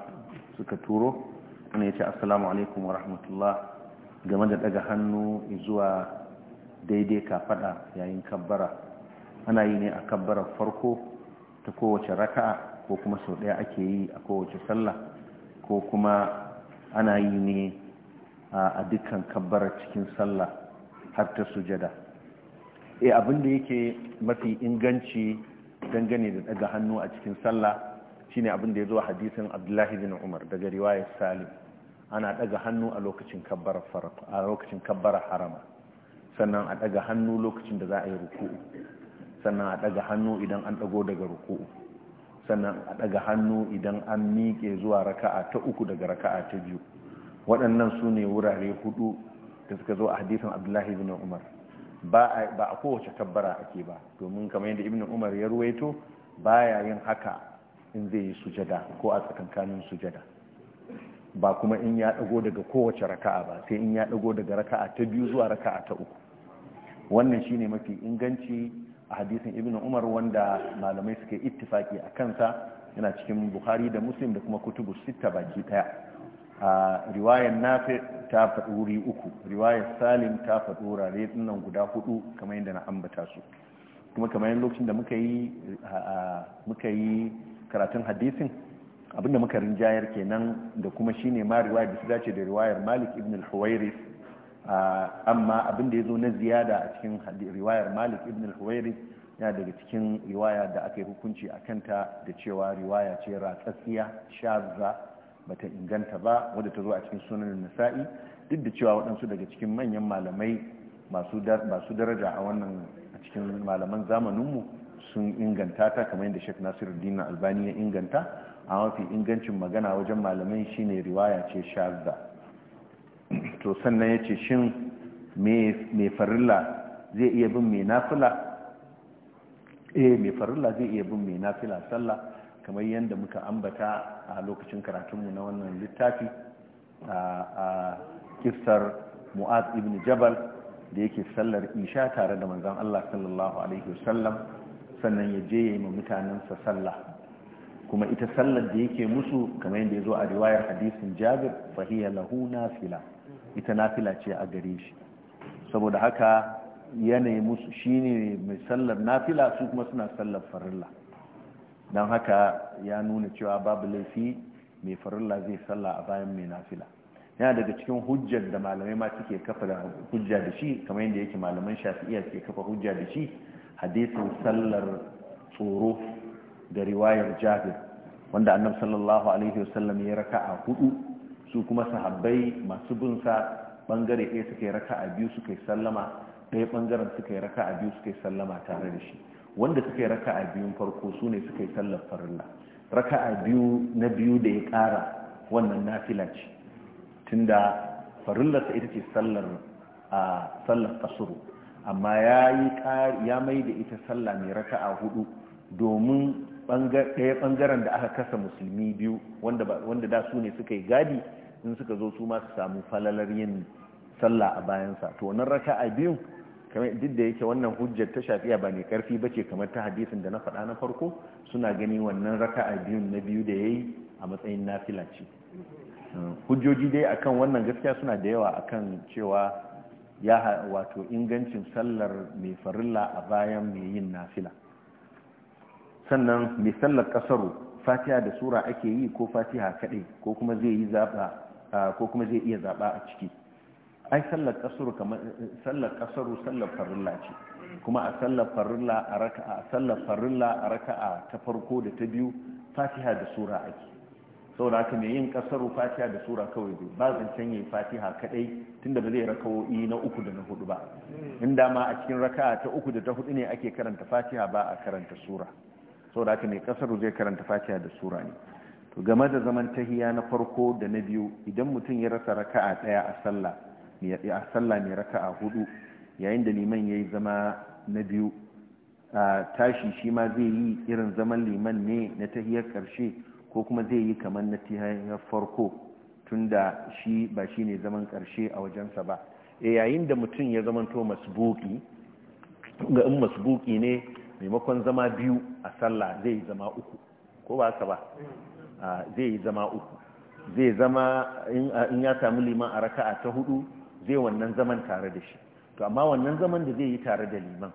suka turo wani ya ce alaikum wa rahmatullah game da daga hannu zuwa daidai kafada yayin kabbara ana yi ne a kabbarar farko ta kowace raka'a ko kuma sau ɗaya ake yi a kowace sallah ko kuma ana yi ne a dukkan kabbara cikin sallah har ta sujada e eh, abinda yake mafi inganci dangane da daga hannu a cikin sallah shine da ya zo hadisin abdullahi bin umar daga riwayar salim ana daga hannu a lokacin kabbara a lokacin kabbara harama sannan a daga hannu lokacin da za a yi ruku'u sannan a daga hannu idan an dago daga ruku'u sannan a daga hannu idan an miƙe zuwa raka'a ta uku daga raka'a ta biyu waɗannan su ne wurare hudu da suka zo a hadisin abdullahi ibn umar ba a kowace tabbara ake ba domin kamar yadda ibn umar ya ruwaito baya yin haka in zai yi sujada ko a tsakankanin sujada ba kuma in ya ɗago daga kowace raka'a ba sai in ya ɗago daga raka'a ta biyu zuwa raka'a ta uku wannan shine mafi inganci a hadisin ibn umar wanda malamai suke yi ittifaki a kansa yana cikin bukhari da muslim da kuma kutubu sita baki daya a riwayar nafi ta faɗuri uku riwayar salim ta faɗura wurare dinnan guda hudu kamar yadda na ambata su kuma kamar yin lokacin da muka yi karatun hadisin abinda muka rinjayar kenan da kuma shine ma riwayar da su dace da riwayar malik ibn al-huwairis amma abin da ya zo na ziyada a cikin riwayar malik ibn al-huwairi yana daga cikin riwaya da aka yi hukunci a kanta da cewa riwaya ce ratsatsiya shazza bata inganta ba wadda ta zo a cikin sunan nasa'i duk da cewa waɗansu daga cikin manyan malamai masu daraja a wannan a cikin malaman zamaninmu sun inganta ta kamar yadda nasiru dina albani ya inganta a mafi ingancin magana wajen malamai shine riwaya ce shazza to sannan ya ce shin mai farilla zai iya bin mai nafila eh mai farilla zai iya bin mai nafila sallah kamar yadda muka ambata a lokacin karatunmu na wannan littafi a kissar mu'az ibn jabal da yake sallar isha tare da manzan Allah sallallahu alaihi wasallam sannan ya je yayin mutanansa sallah kuma ita sallar da yake musu kamar yadda ya zo a riwayar hadisin jabir fahiya lahu nafila ita nafila ce a gare shi saboda haka yanayi musu shine mai sallar nafila su kuma suna sallar farilla don haka ya nuna cewa babu laifi mai farilla zai salla a bayan mai nafila yana daga cikin hujjar da malamai ma suke kafa da hujja da shi kamar yadda yake malaman shafi'iyya suke kafa hujja da shi hadisin sallar tsoro da riwayar jabir wanda annabi sallallahu alaihi wasallam ya raka'a hudu su kuma sahabbai masu bin sa bangare ɗaya suka yi a biyu suka yi sallama ɗaya bangaren suka yi a biyu suka yi sallama tare da shi wanda suka yi a biyun farko su ne suka yi sallar farilla a biyu na biyu da ya ƙara wannan nafila ce tunda farillarsa ita ce sallar a sallar kasuru amma ya yi ya mai da ita sallah mai raka a hudu domin ɗaya ɓangaren da aka kasa musulmi biyu wanda da su ne suka yi gadi in suka zo su masu samu falalar yin sallah a bayansa to wannan raka a biyun duk da yake wannan hujjar ta shafiya ba ne karfi ba ce kamar ta hadisin da na faɗa na farko suna gani wannan raka a biyun na biyu da ya yi a matsayin nafila ce hujjoji dai akan wannan gaskiya suna da yawa akan cewa ya wato ingancin sallar mai farilla a bayan mai yin nafila sannan mai sallar kasaru fatiha da sura ake yi ko fatiha kaɗai ko kuma zai yi zaba ko kuma zai iya zaba a ciki ai sallar kasaru kamar sallar kasaru sallar farilla ce kuma a sallar farilla a raka'a sallar farilla a raka'a ta farko da ta biyu fatiha da sura ake saboda haka mai yin kasaru fatiha da sura kawai zai ba zancen yayi fatiha kadai tunda ba zai rakawo'i na uku da na hudu ba in dama a cikin raka'a ta uku da ta hudu ne ake karanta fatiha ba a karanta sura saboda haka mai kasar zai karanta fatiha da sura ne to game da zaman tahiya na farko da na biyu idan mutum ya rasa raka'a daya a sallah a sallah mai raka'a hudu yayin da liman yayi zama na biyu tashi shi ma zai yi irin zaman liman ne na tahiyar karshe ko kuma zai yi kamar na tahiyar farko tunda shi ba shi ne zaman karshe a wajensa ba eh, yayin da mutum ya zamanto masbuki ga in masbuki ne maimakon zama biyu a sallah zai zama uku ko ba ka ba zai zama uku zai zama in ya samu liman a raka'a ta hudu zai wannan zaman tare da shi to amma wannan zaman da zai yi tare da liman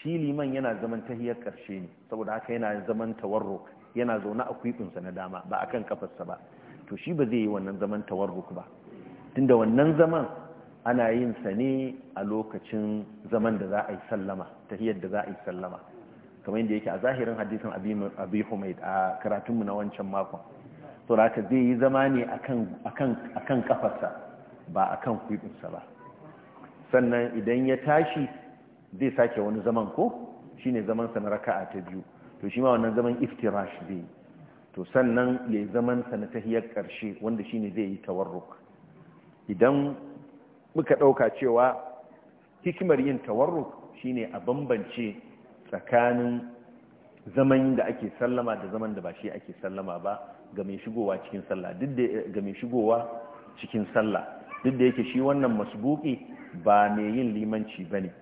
shi liman yana zaman tahiyar karshe ne saboda haka yana zaman tawarruk yana zaune a kwifinsa na dama ba kan kafarsa ba to shi ba zai yi wannan zaman tawarruk ba tunda wannan zaman ana yin sa ne a lokacin zaman da za a yi sallama tahiyar da za a yi sallama kamar yadda yake a zahirin hadisin abi humaid a karatunmu na wancan makon to da aka zai yi zama ne a kan kafarsa ba a kan kwibinsa ba sannan idan ya tashi zai sake wani zaman ko shi ne zamansa na raka'a ta biyu to shi ma wannan zaman iftirash zai yi to sannan ya yi zamansa na tahiyar ƙarshe wanda shi ne zai yi tawarruk idan muka ɗauka cewa hikimar yin tawarruk ne a bambance tsakanin zaman da ake sallama da zaman da ba shi ake sallama ba ga mai shigowa cikin sallah duk da ga mai yake shi wannan masbuki ba mai yin limanci bane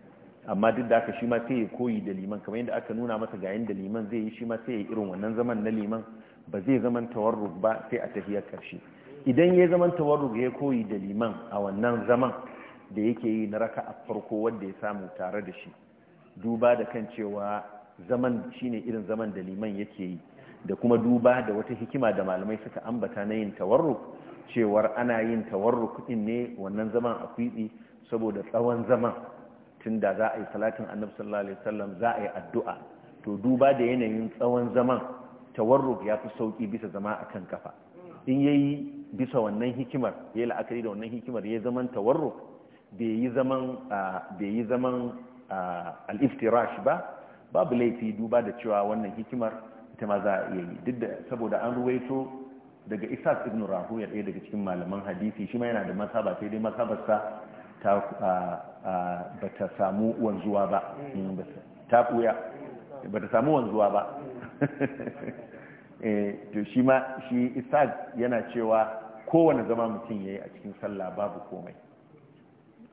amma duk da haka shi ma sai ya koyi da liman kamar yadda aka nuna masa ga yanda liman zai yi shi ma sai ya irin wannan zaman na liman ba zai zaman tawarruk ba sai a tafiyar karshe idan ya zaman tawarruk ya koyi da liman a wannan zaman da yake yi na raka'a farko wanda ya samu tare da shi duba da kan cewa zaman shine irin zaman da liman yake yi da kuma duba da wata hikima da malamai suka ambata na yin tawarruk cewar ana yin tawarruk din ne wannan zaman a kwiɗi, saboda tsawon zaman tunda za a yi salatin annabi sallallahu alaihi wasallam za a yi addu'a to duba da yanayin tsawon zaman tawarruk ya fi sauƙi bisa zama a kan kafa in ya yi bisa wannan hikimar ya yi la'akari da wannan hikimar yi zaman tawarruk bai yi zaman al-iftirash ba babu laifi duba da cewa wannan hikimar ita ma za a iya yi duk da saboda an ruwaito daga Isaac ibn ya ɗaya daga cikin malaman hadisi shi ma yana da masaba sai dai masabarsa ta ba ta samu wanzuwa ba mm, ta kuya ba ta samu wanzuwa ba eh, to shi ma shi Isaac yana cewa kowane zama mutum yayi a cikin sallah babu komai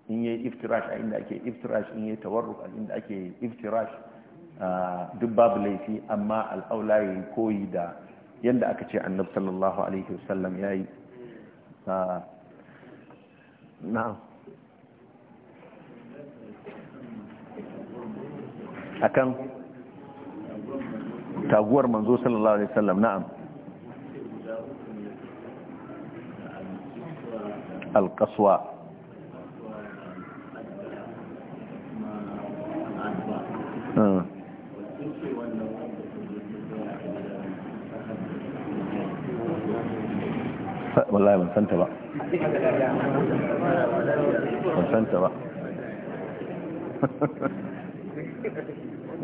in yi iftirash a inda ake iftirash in yi tawarruk a inda ake iftirash duk babu laifi amma al'aula ya koyi da yadda aka ce annab sallallahu alaihi wasallam ya yi na'am akan taguwar manzo sallallahu alaihi wasallam na'am alƙaswa Ah. wallahi ban santa ba ban santa ba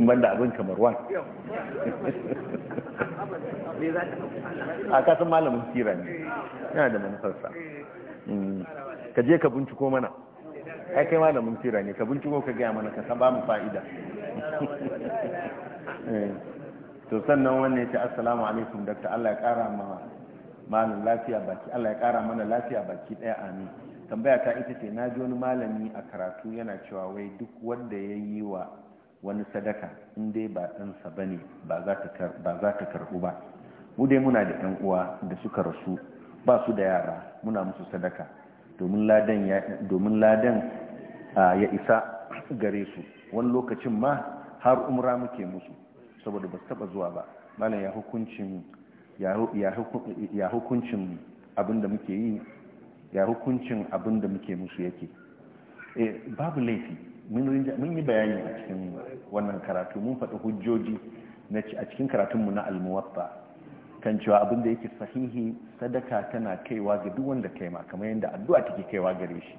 banda abin kamar wani a kasan malamin tira ne yana da manufarsa mm. ka je ka binciko mana ai kai malamin tira ne ka binciko ka gaya mana ka san ba mu fa'ida to sannan wannan ya ce assalamu alaikum dr Allah ya kara ma malam lafiya baki Allah ya kara mana lafiya baki daya amin tambaya ta ita ce na ji wani malami a karatu yana cewa wai duk wanda ya yi wa wani sadaka in dai ba ɗansa ba ne ba za ta karɓu ba mu dai muna da ɗan uwa da suka rasu ba su da yara muna musu sadaka domin ladan ya ah, isa gare su wani lokacin ma har umra muke musu saboda ba su taba zuwa ba malam ya hukuncin ya muke yi ya hukuncin abinda muke musu yake eh, babu laifi mun yi bayani a cikin wannan karatu mun faɗi hujjoji a cikin karatunmu na almuwatta kan cewa abin da yake sahihi sadaka tana kaiwa ga duk wanda kai ma kamar yadda addu'a take kaiwa gare shi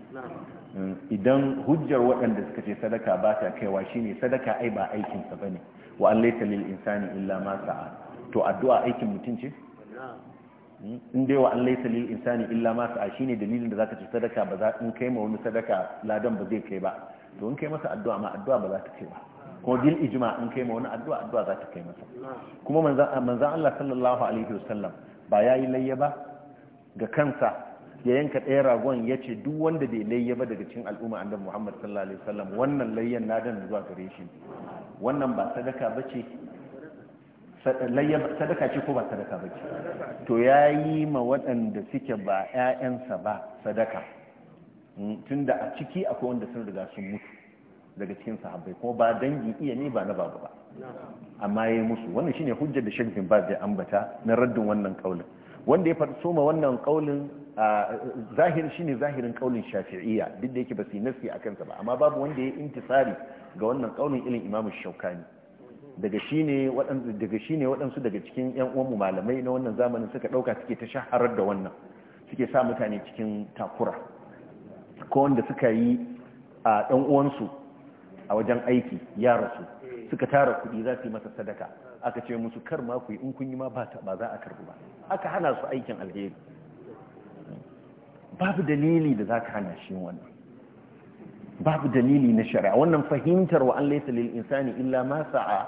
idan hujjar waɗanda suka ce sadaka ba ta kaiwa shine sadaka ai ba aikin sa bane wa allaita lil insani illa ma sa'a to addu'a aikin mutum ce hmm? in dai wa allaita lil insani illa ma sa'a shine dalilin da zaka ce sadaka ba za in kai ma wani sadaka ladan ba zai kai ba to in kai masa addu'a ma addu'a ba za ta kai ba ko bil ijma in kai ma wani addu'a addu'a za ta kai masa kuma manzan Allah sallallahu alaihi wasallam ba ya yi layya ba ga kansa ya yanka ɗaya ragon ya ce duk wanda bai layya ba daga cikin al'umma annabi Muhammad sallallahu alaihi wasallam wannan layyan na dan zuwa gare shi wannan ba sadaka bace sadaka ce ko ba sadaka bace to yayi ma waɗanda suke ba ƴaƴansa ba sadaka hmm, tunda a ciki akwai wanda sun riga sun mutu daga cikin sahabbai ko ba dangi iya ne ba na babu ba amma yayi musu wannan shine hujjar da Sheikh bin Baz ambata na raddin wannan kaulin wanda ya fara soma wannan kaulin zahir shine zahirin kaulin Shafi'iyya duk da yake ba su nasi akan sa ba amma babu wanda ya intisari ga wannan kaulin ilin Imam Shawkani daga shine waɗansu daga shine waɗansu daga cikin ƴan uwanmu malamai na wannan zamanin suka ɗauka suke ta shaharar da wannan suke sa mutane cikin takura ko wanda suka yi a ɗan uwansu a wajen aiki ya rasu suka tara kuɗi za su yi masa sadaka aka ce musu kar ma ku yi in kun yi ma ba za a karbu ba aka hana su aikin alheri babu dalili da za ka hana shi wannan babu dalili na shari'a wannan fahimtar wa an laisa lil insani illa ma sa'a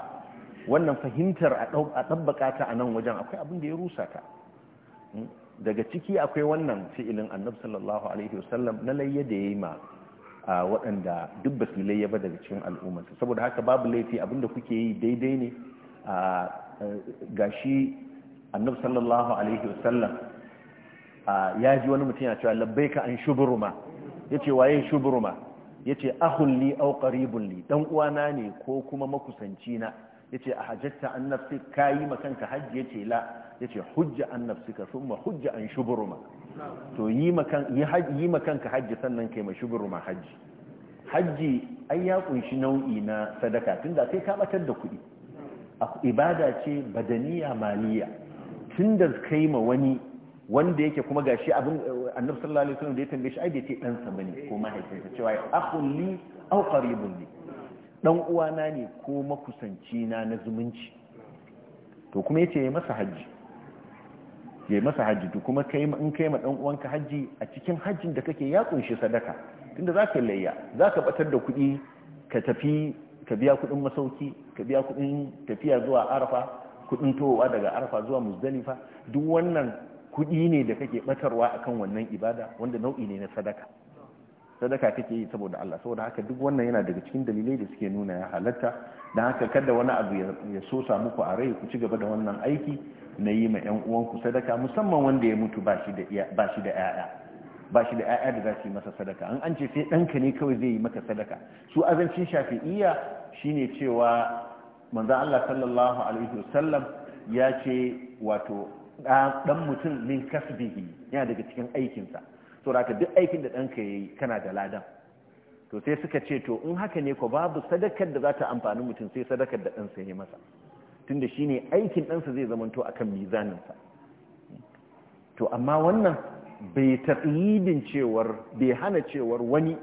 wannan fahimtar a tabbaka ta a nan wajen akwai abin da ya rusa ta hmm? daga ciki akwai wannan fi'ilin annabi sallallahu alaihi wasallam na layya da yayi ma a waɗanda duk ba ya ba daga cikin al'ummarsa saboda haka babu laifi abinda kuke yi daidai ne a gashi annabi sallallahu alaihi wasallam ya ji wani mutum ya cewa labbaika an shuburuma yace waye shuburuma yace ahulli au qaribun li dan uwana ne ko kuma makusanci na yace a hajjata an nafsi kayi makanka hajji ce la yace hujja an nafsika thumma hujja an shuburuma to yi makanka hajji sannan kai ma shuburuma hajji hajji ai ya kunshi nau'i na sadaka da kai ka batar da kuɗi ibada ce badaniya maliya da kai ma wani wanda yake kuma gashi abin annabi sallallahu alaihi wasallam da ya tambaye shi ai da ce dan sa bane ko mahaifinsa cewa akhun li aw qaribun li dan uwana ne ko makusanci na na zumunci to kuma yace ya masa haji yayi masa haji to kuma kai in kai ma dan uwanka haji a cikin hajjin da kake ya kunshi sadaka tunda zaka layya zaka batar da kuɗi ka tafi ka biya kuɗin masauki ka biya kuɗin tafiya zuwa arafa kuɗin towa daga arafa zuwa muzdalifa duk wannan kuɗi ne da kake batarwa akan wannan ibada wanda nau'i ne na sadaka sadaka kake yi saboda Allah saboda haka duk wannan yana daga cikin dalilai da suke nuna ya halatta don haka kada wani abu ya so samu ku a rai ku ci gaba da wannan aiki na yi ma yan uwanku sadaka musamman wanda ya mutu ba shi da 'ya'ya ba shi da 'ya'ya da za su yi masa sadaka an an ce sai ɗanka ne kawai zai yi maka sadaka su azancin shafi'iyya shine cewa manzon Allah sallallahu alaihi wasallam ya ce wato ɗan mutum min kasbihi yana daga cikin aikinsa ka duk aikin da ɗanka ya yi kana da ladan to sai suka ce to in haka ne ko babu sadakar da za ta amfani mutum sai sadakar da ɗansa ya yi masa tun da shi ne aikin ɗansa zai zamanto a kan mizaninsa to amma wannan bai taƙidin cewar bai hana cewar wani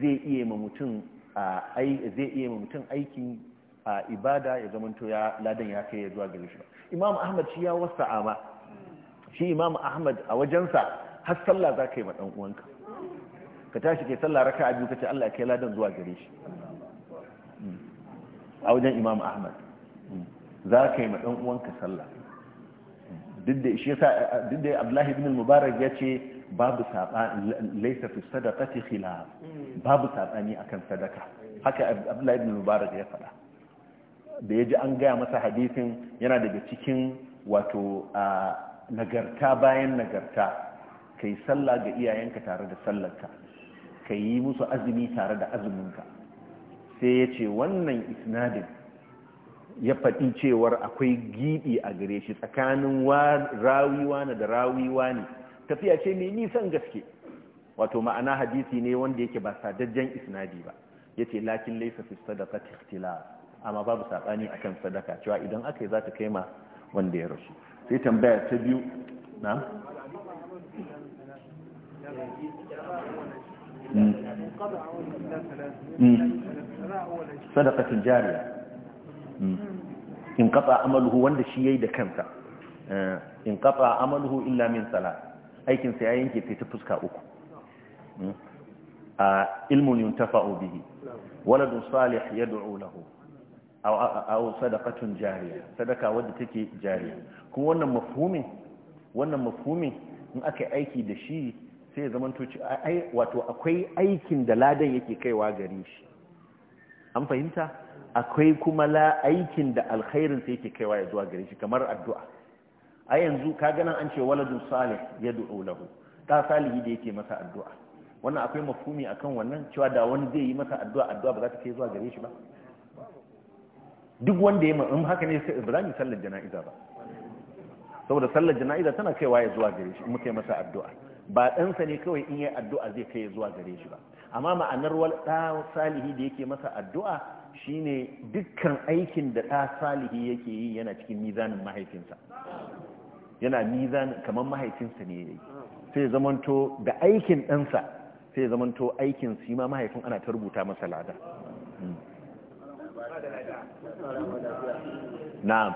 zai iya ma mutum zai iya ma mutum aikin ibada ya zamanto ya ladan ya kai ya zuwa gari shi imam ahmad shi ya wasa ama shi imam ahmad a wajensa har sallah za ka yi ma ɗan uwanka ka tashi ke sallah raka a biyu ka ce Allah ya kai ladan zuwa gare shi a wajen imam ahmad za ka yi ma ɗan uwanka sallah duk da Abdullahi ibn mubarak ya ce babu saba fi sadaqati khilaf babu sabani akan sadaka haka Abdullahi ibn mubarak ya faɗa da ya ji an gaya masa hadisin yana daga cikin wato nagarta bayan nagarta ka yi sallah ga iyayenka tare da sallarka ka yi musu azumi tare da azuminka sai ya ce wannan isnadin ya faɗi cewar akwai giɓi a gare shi tsakanin rawiwa na da rawiwa ne tafiya ce mai nisan gaske wato ma'ana hadisi ne wanda yake ba sadajjen isnadi ba ya ce lakin laifin fi sadaka tiktila amma babu saɓani a kan sadaka cewa idan aka yi za ta kai ma wanda ya rasu sai tambaya ta biyu na Mm. sadaqatin jariya mm. in kafa amaluhu wanda shi yayi da kansa eh, in kafa amaluhu illa min sala aikin sa ya yanke sai ta fuska uku mm. a ilmun yuntafa'u bihi waladun salih yad'u lahu aw aw sadaqatun jariya sadaka wadda take jariya kuma wannan mafhumin wannan mafhumin in aka aiki da shi sai ya ai wato akwai aikin da ladan yake kaiwa gare shi an fahimta akwai kuma la aikin da alkhairin sai yake kaiwa ya zuwa gare shi kamar addu'a a yanzu ka ganin an ce waladun salih ya du'u lahu ta salihi da yake masa addu'a wannan akwai mafhumi akan wannan cewa da wani zai yi masa addu'a addu'a ba za ta kai zuwa gare shi ba duk wanda ya in haka ne sai ibrahim sallar jana'iza ba saboda sallar jana'iza tana kaiwa ya zuwa gare shi in muka yi masa addu'a ba ɗansa ne kawai in yi addu'a zai kai zuwa gare shi ba amma ma'anar ɗa salihi da yake masa addu'a shine dukkan aikin da ɗa salihi yake yi yana cikin mizanin mahaifinsa yana mizanin kamar mahaifinsa ne yayi sai zamanto da aikin ɗansa sai zamanto aikin yi ma mahaifin ana ta rubuta masa lada hmm. na'am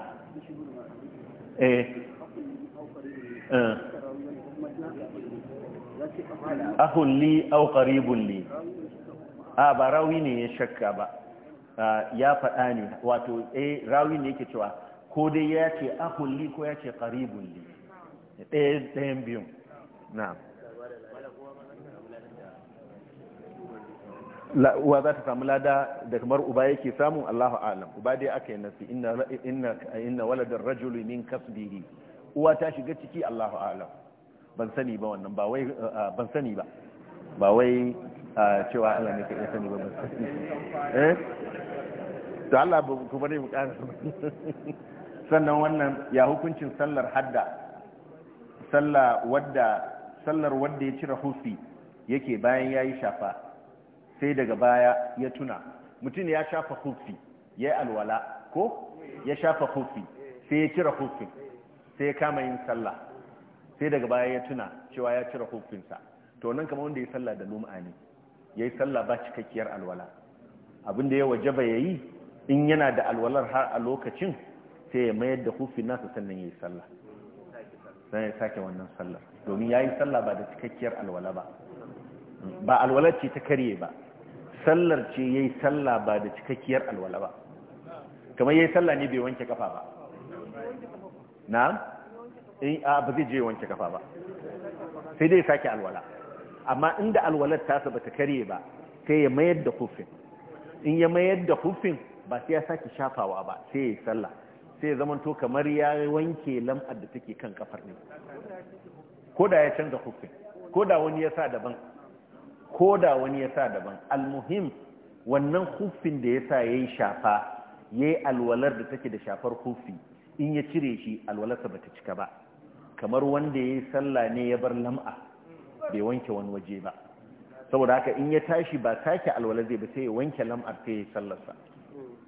eh, eh. ahun au qaribun a ba rawi ne ya shakka ba ya faɗa ne wato eh rawi ne yake cewa ko dai ya ce ahun li ko ya ce qaribun li ɗayan biyun na. uwa za ta samu lada da kamar uba yake samun Allahu alam uba dai aka yi nasi inna waladar rajulu min kasbihi uwa ta shiga ciki Allahu alam ban sani ba wannan ba wai eh, eh, ban sani ba ba wai eh, cewa Allah ne ka iya sani ba ban sani eh to Allah ba ku bari mu ƙara sannan wannan ya hukuncin sallar hadda salla wadda sallar wadda ya cire hufi yake bayan yayi shafa sai daga baya ya tuna mutum ya shafa hufi ya alwala ko ya shafa hufi sai ya cire hufin sai ya kama yin sallah sai daga baya ya tuna cewa ya cire hukunsa to nan kamar wanda ya sallah da lum'a ne yayi sallah ba cikakkiyar alwala abin da ya wajaba yayi in yana da alwalar har a lokacin sai ya mayar da hufin nasu sannan yayi sallah sai ya sake wannan sallar domin yayi sallah ba da cikakkiyar alwala ba ba alwala ce ta karye ba sallar ce yayi sallah ba da cikakkiyar alwala ba kamar yayi sallah ne bai wanke kafa ba na'am Eh, a ba zai je wanke kafa ba sai dai sake alwala amma inda alwalar tasa ta kare ba sai ya mayar da hufin in ya mayar da hufin ba sai ya sake shafawa ba sai ya yi sallah sai ya zamanto kamar ya wanke lam'ar da take kan kafar ne ko da ya canza hufin ko da wani ya sa daban ko da wani ya sa daban almuhim wannan hufin da ya sa ya shafa ya alwalar da take da shafar hufi in ya cire shi alwalarsa ba ta cika ba kamar wanda ya yi sallah ne ya bar lam'a bai wanke wani waje ba saboda haka in ya tashi ba sake alwala zai ba sai ya wanke lam'ar sai ya yi sallarsa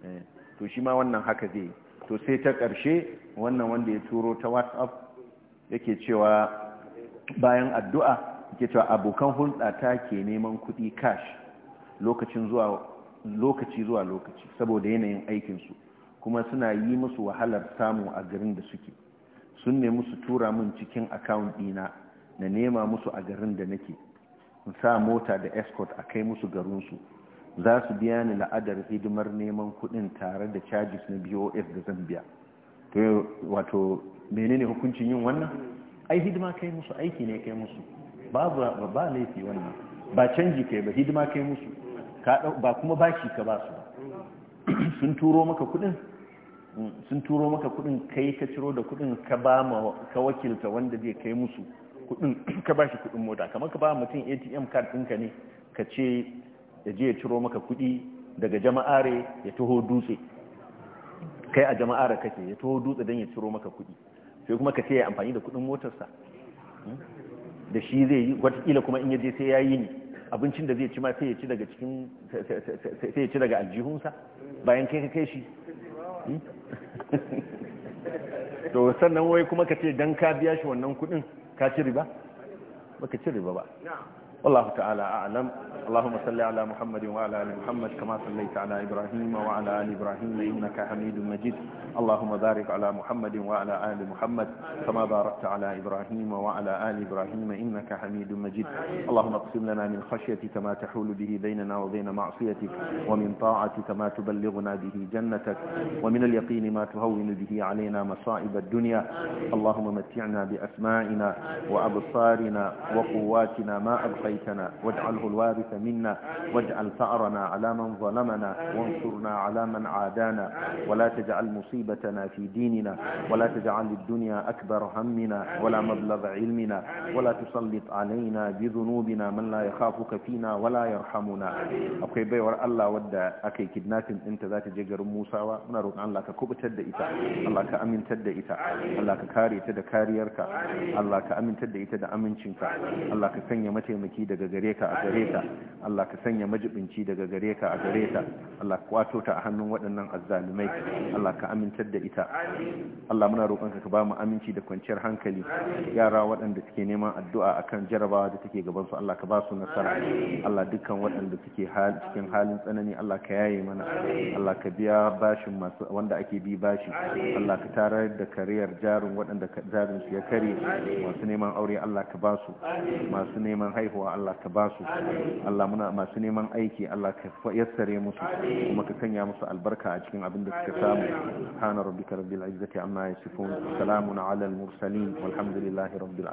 eh, to shi ma wannan haka zai yi to sai ta ƙarshe wannan wanda ya turo ta whatsapp yake cewa bayan addu'a yake cewa abokan hulɗa ta ke neman kuɗi cash lokaci zuwa lokaci saboda yanayin aikinsu kuma suna yi musu wahalar samu a garin da suke sun nemi su tura min cikin account ɗina na nema musu a garin da nake sa mota da escort a kai musu garinsu za su biya ni la'adar hidimar neman kuɗin tare da charges na bof da zan biya to wato menene hukuncin yin wannan ai hidima kai musu aiki ne kai musu babu ba laifi wannan ba canji kai ba hidima kai musu ba kuma baki ka ba su ba sun turo maka kuɗin sun turo maka kudin kai ka ciro da kudin ka ba ma ka wakilta wanda zai kai musu kudin ka ba shi kudin mota kamar ka ba mutum atm card ɗinka ne ka ce ya je ya ciro maka kudi daga jama'are ya taho dutse kai a jama'are kake ya taho dutse don ya ciro maka kudi sai kuma ka ce ya amfani da kudin motarsa da shi zai yi watakila kuma in ya je sai ya yi ne abincin da zai ci ma sai ya ci daga cikin sai ya ci daga aljihunsa bayan kai ka kai shi hmm? to sannan wai kuma ka ce don ka biya shi wannan kudin ka ci riba baka ci riba ba والله تعالى أعلم اللهم صل على محمد وعلى آل محمد كما صليت على إبراهيم وعلى آل إبراهيم إنك حميد مجيد اللهم بارك على محمد وعلى آل محمد كما باركت على إبراهيم وعلى آل إبراهيم إنك حميد مجيد اللهم اقسم لنا من خشيتك ما تحول به بيننا وبين معصيتك ومن طاعتك ما تبلغنا به جنتك ومن اليقين ما تهون به علينا مصائب الدنيا اللهم متعنا بأسمائنا وأبصارنا وقواتنا ما أبقيتنا بيتنا واجعله الوارث منا واجعل ثأرنا على من ظلمنا وانصرنا على من عادانا ولا تجعل مصيبتنا في ديننا ولا تجعل الدنيا أكبر همنا ولا مبلغ علمنا ولا تسلط علينا بذنوبنا من لا يخافك فينا ولا يرحمنا أبقي بيور الله ودى أكي كدناتم أنت ذات جيجر موسى ونروك عن لك كوب تد إتا الله كأمن تد إتا الله ككاري تد كاريرك الله كأمن تد إتا دا أمن شنك الله كسن يمتي مكي mataimaki daga gare ka a gare ta Allah ka sanya majibinci daga gare ka a gare ta Allah ka wato ta a hannun waɗannan azzalumai Allah ka amintar da ita Allah muna roƙonka ka ba mu aminci da kwanciyar hankali yara waɗanda suke neman addu'a akan jarabawa da take gaban su Allah ka ba su nasara Allah dukkan waɗanda suke cikin halin tsanani Allah ka yaye mana Allah ka biya bashin masu wanda ake bi bashi Allah ka tarar da kariyar jarin waɗanda jarin su ya kare masu neman aure Allah ka ba su masu neman haihuwa sha'awa Allah ka ba su Allah muna masu neman aiki Allah ka yassare musu kuma ka sanya musu albarka a cikin abin da suka samu subhana rabbika rabbil izzati amma yasifun salamun ala al mursalin walhamdulillahi rabbil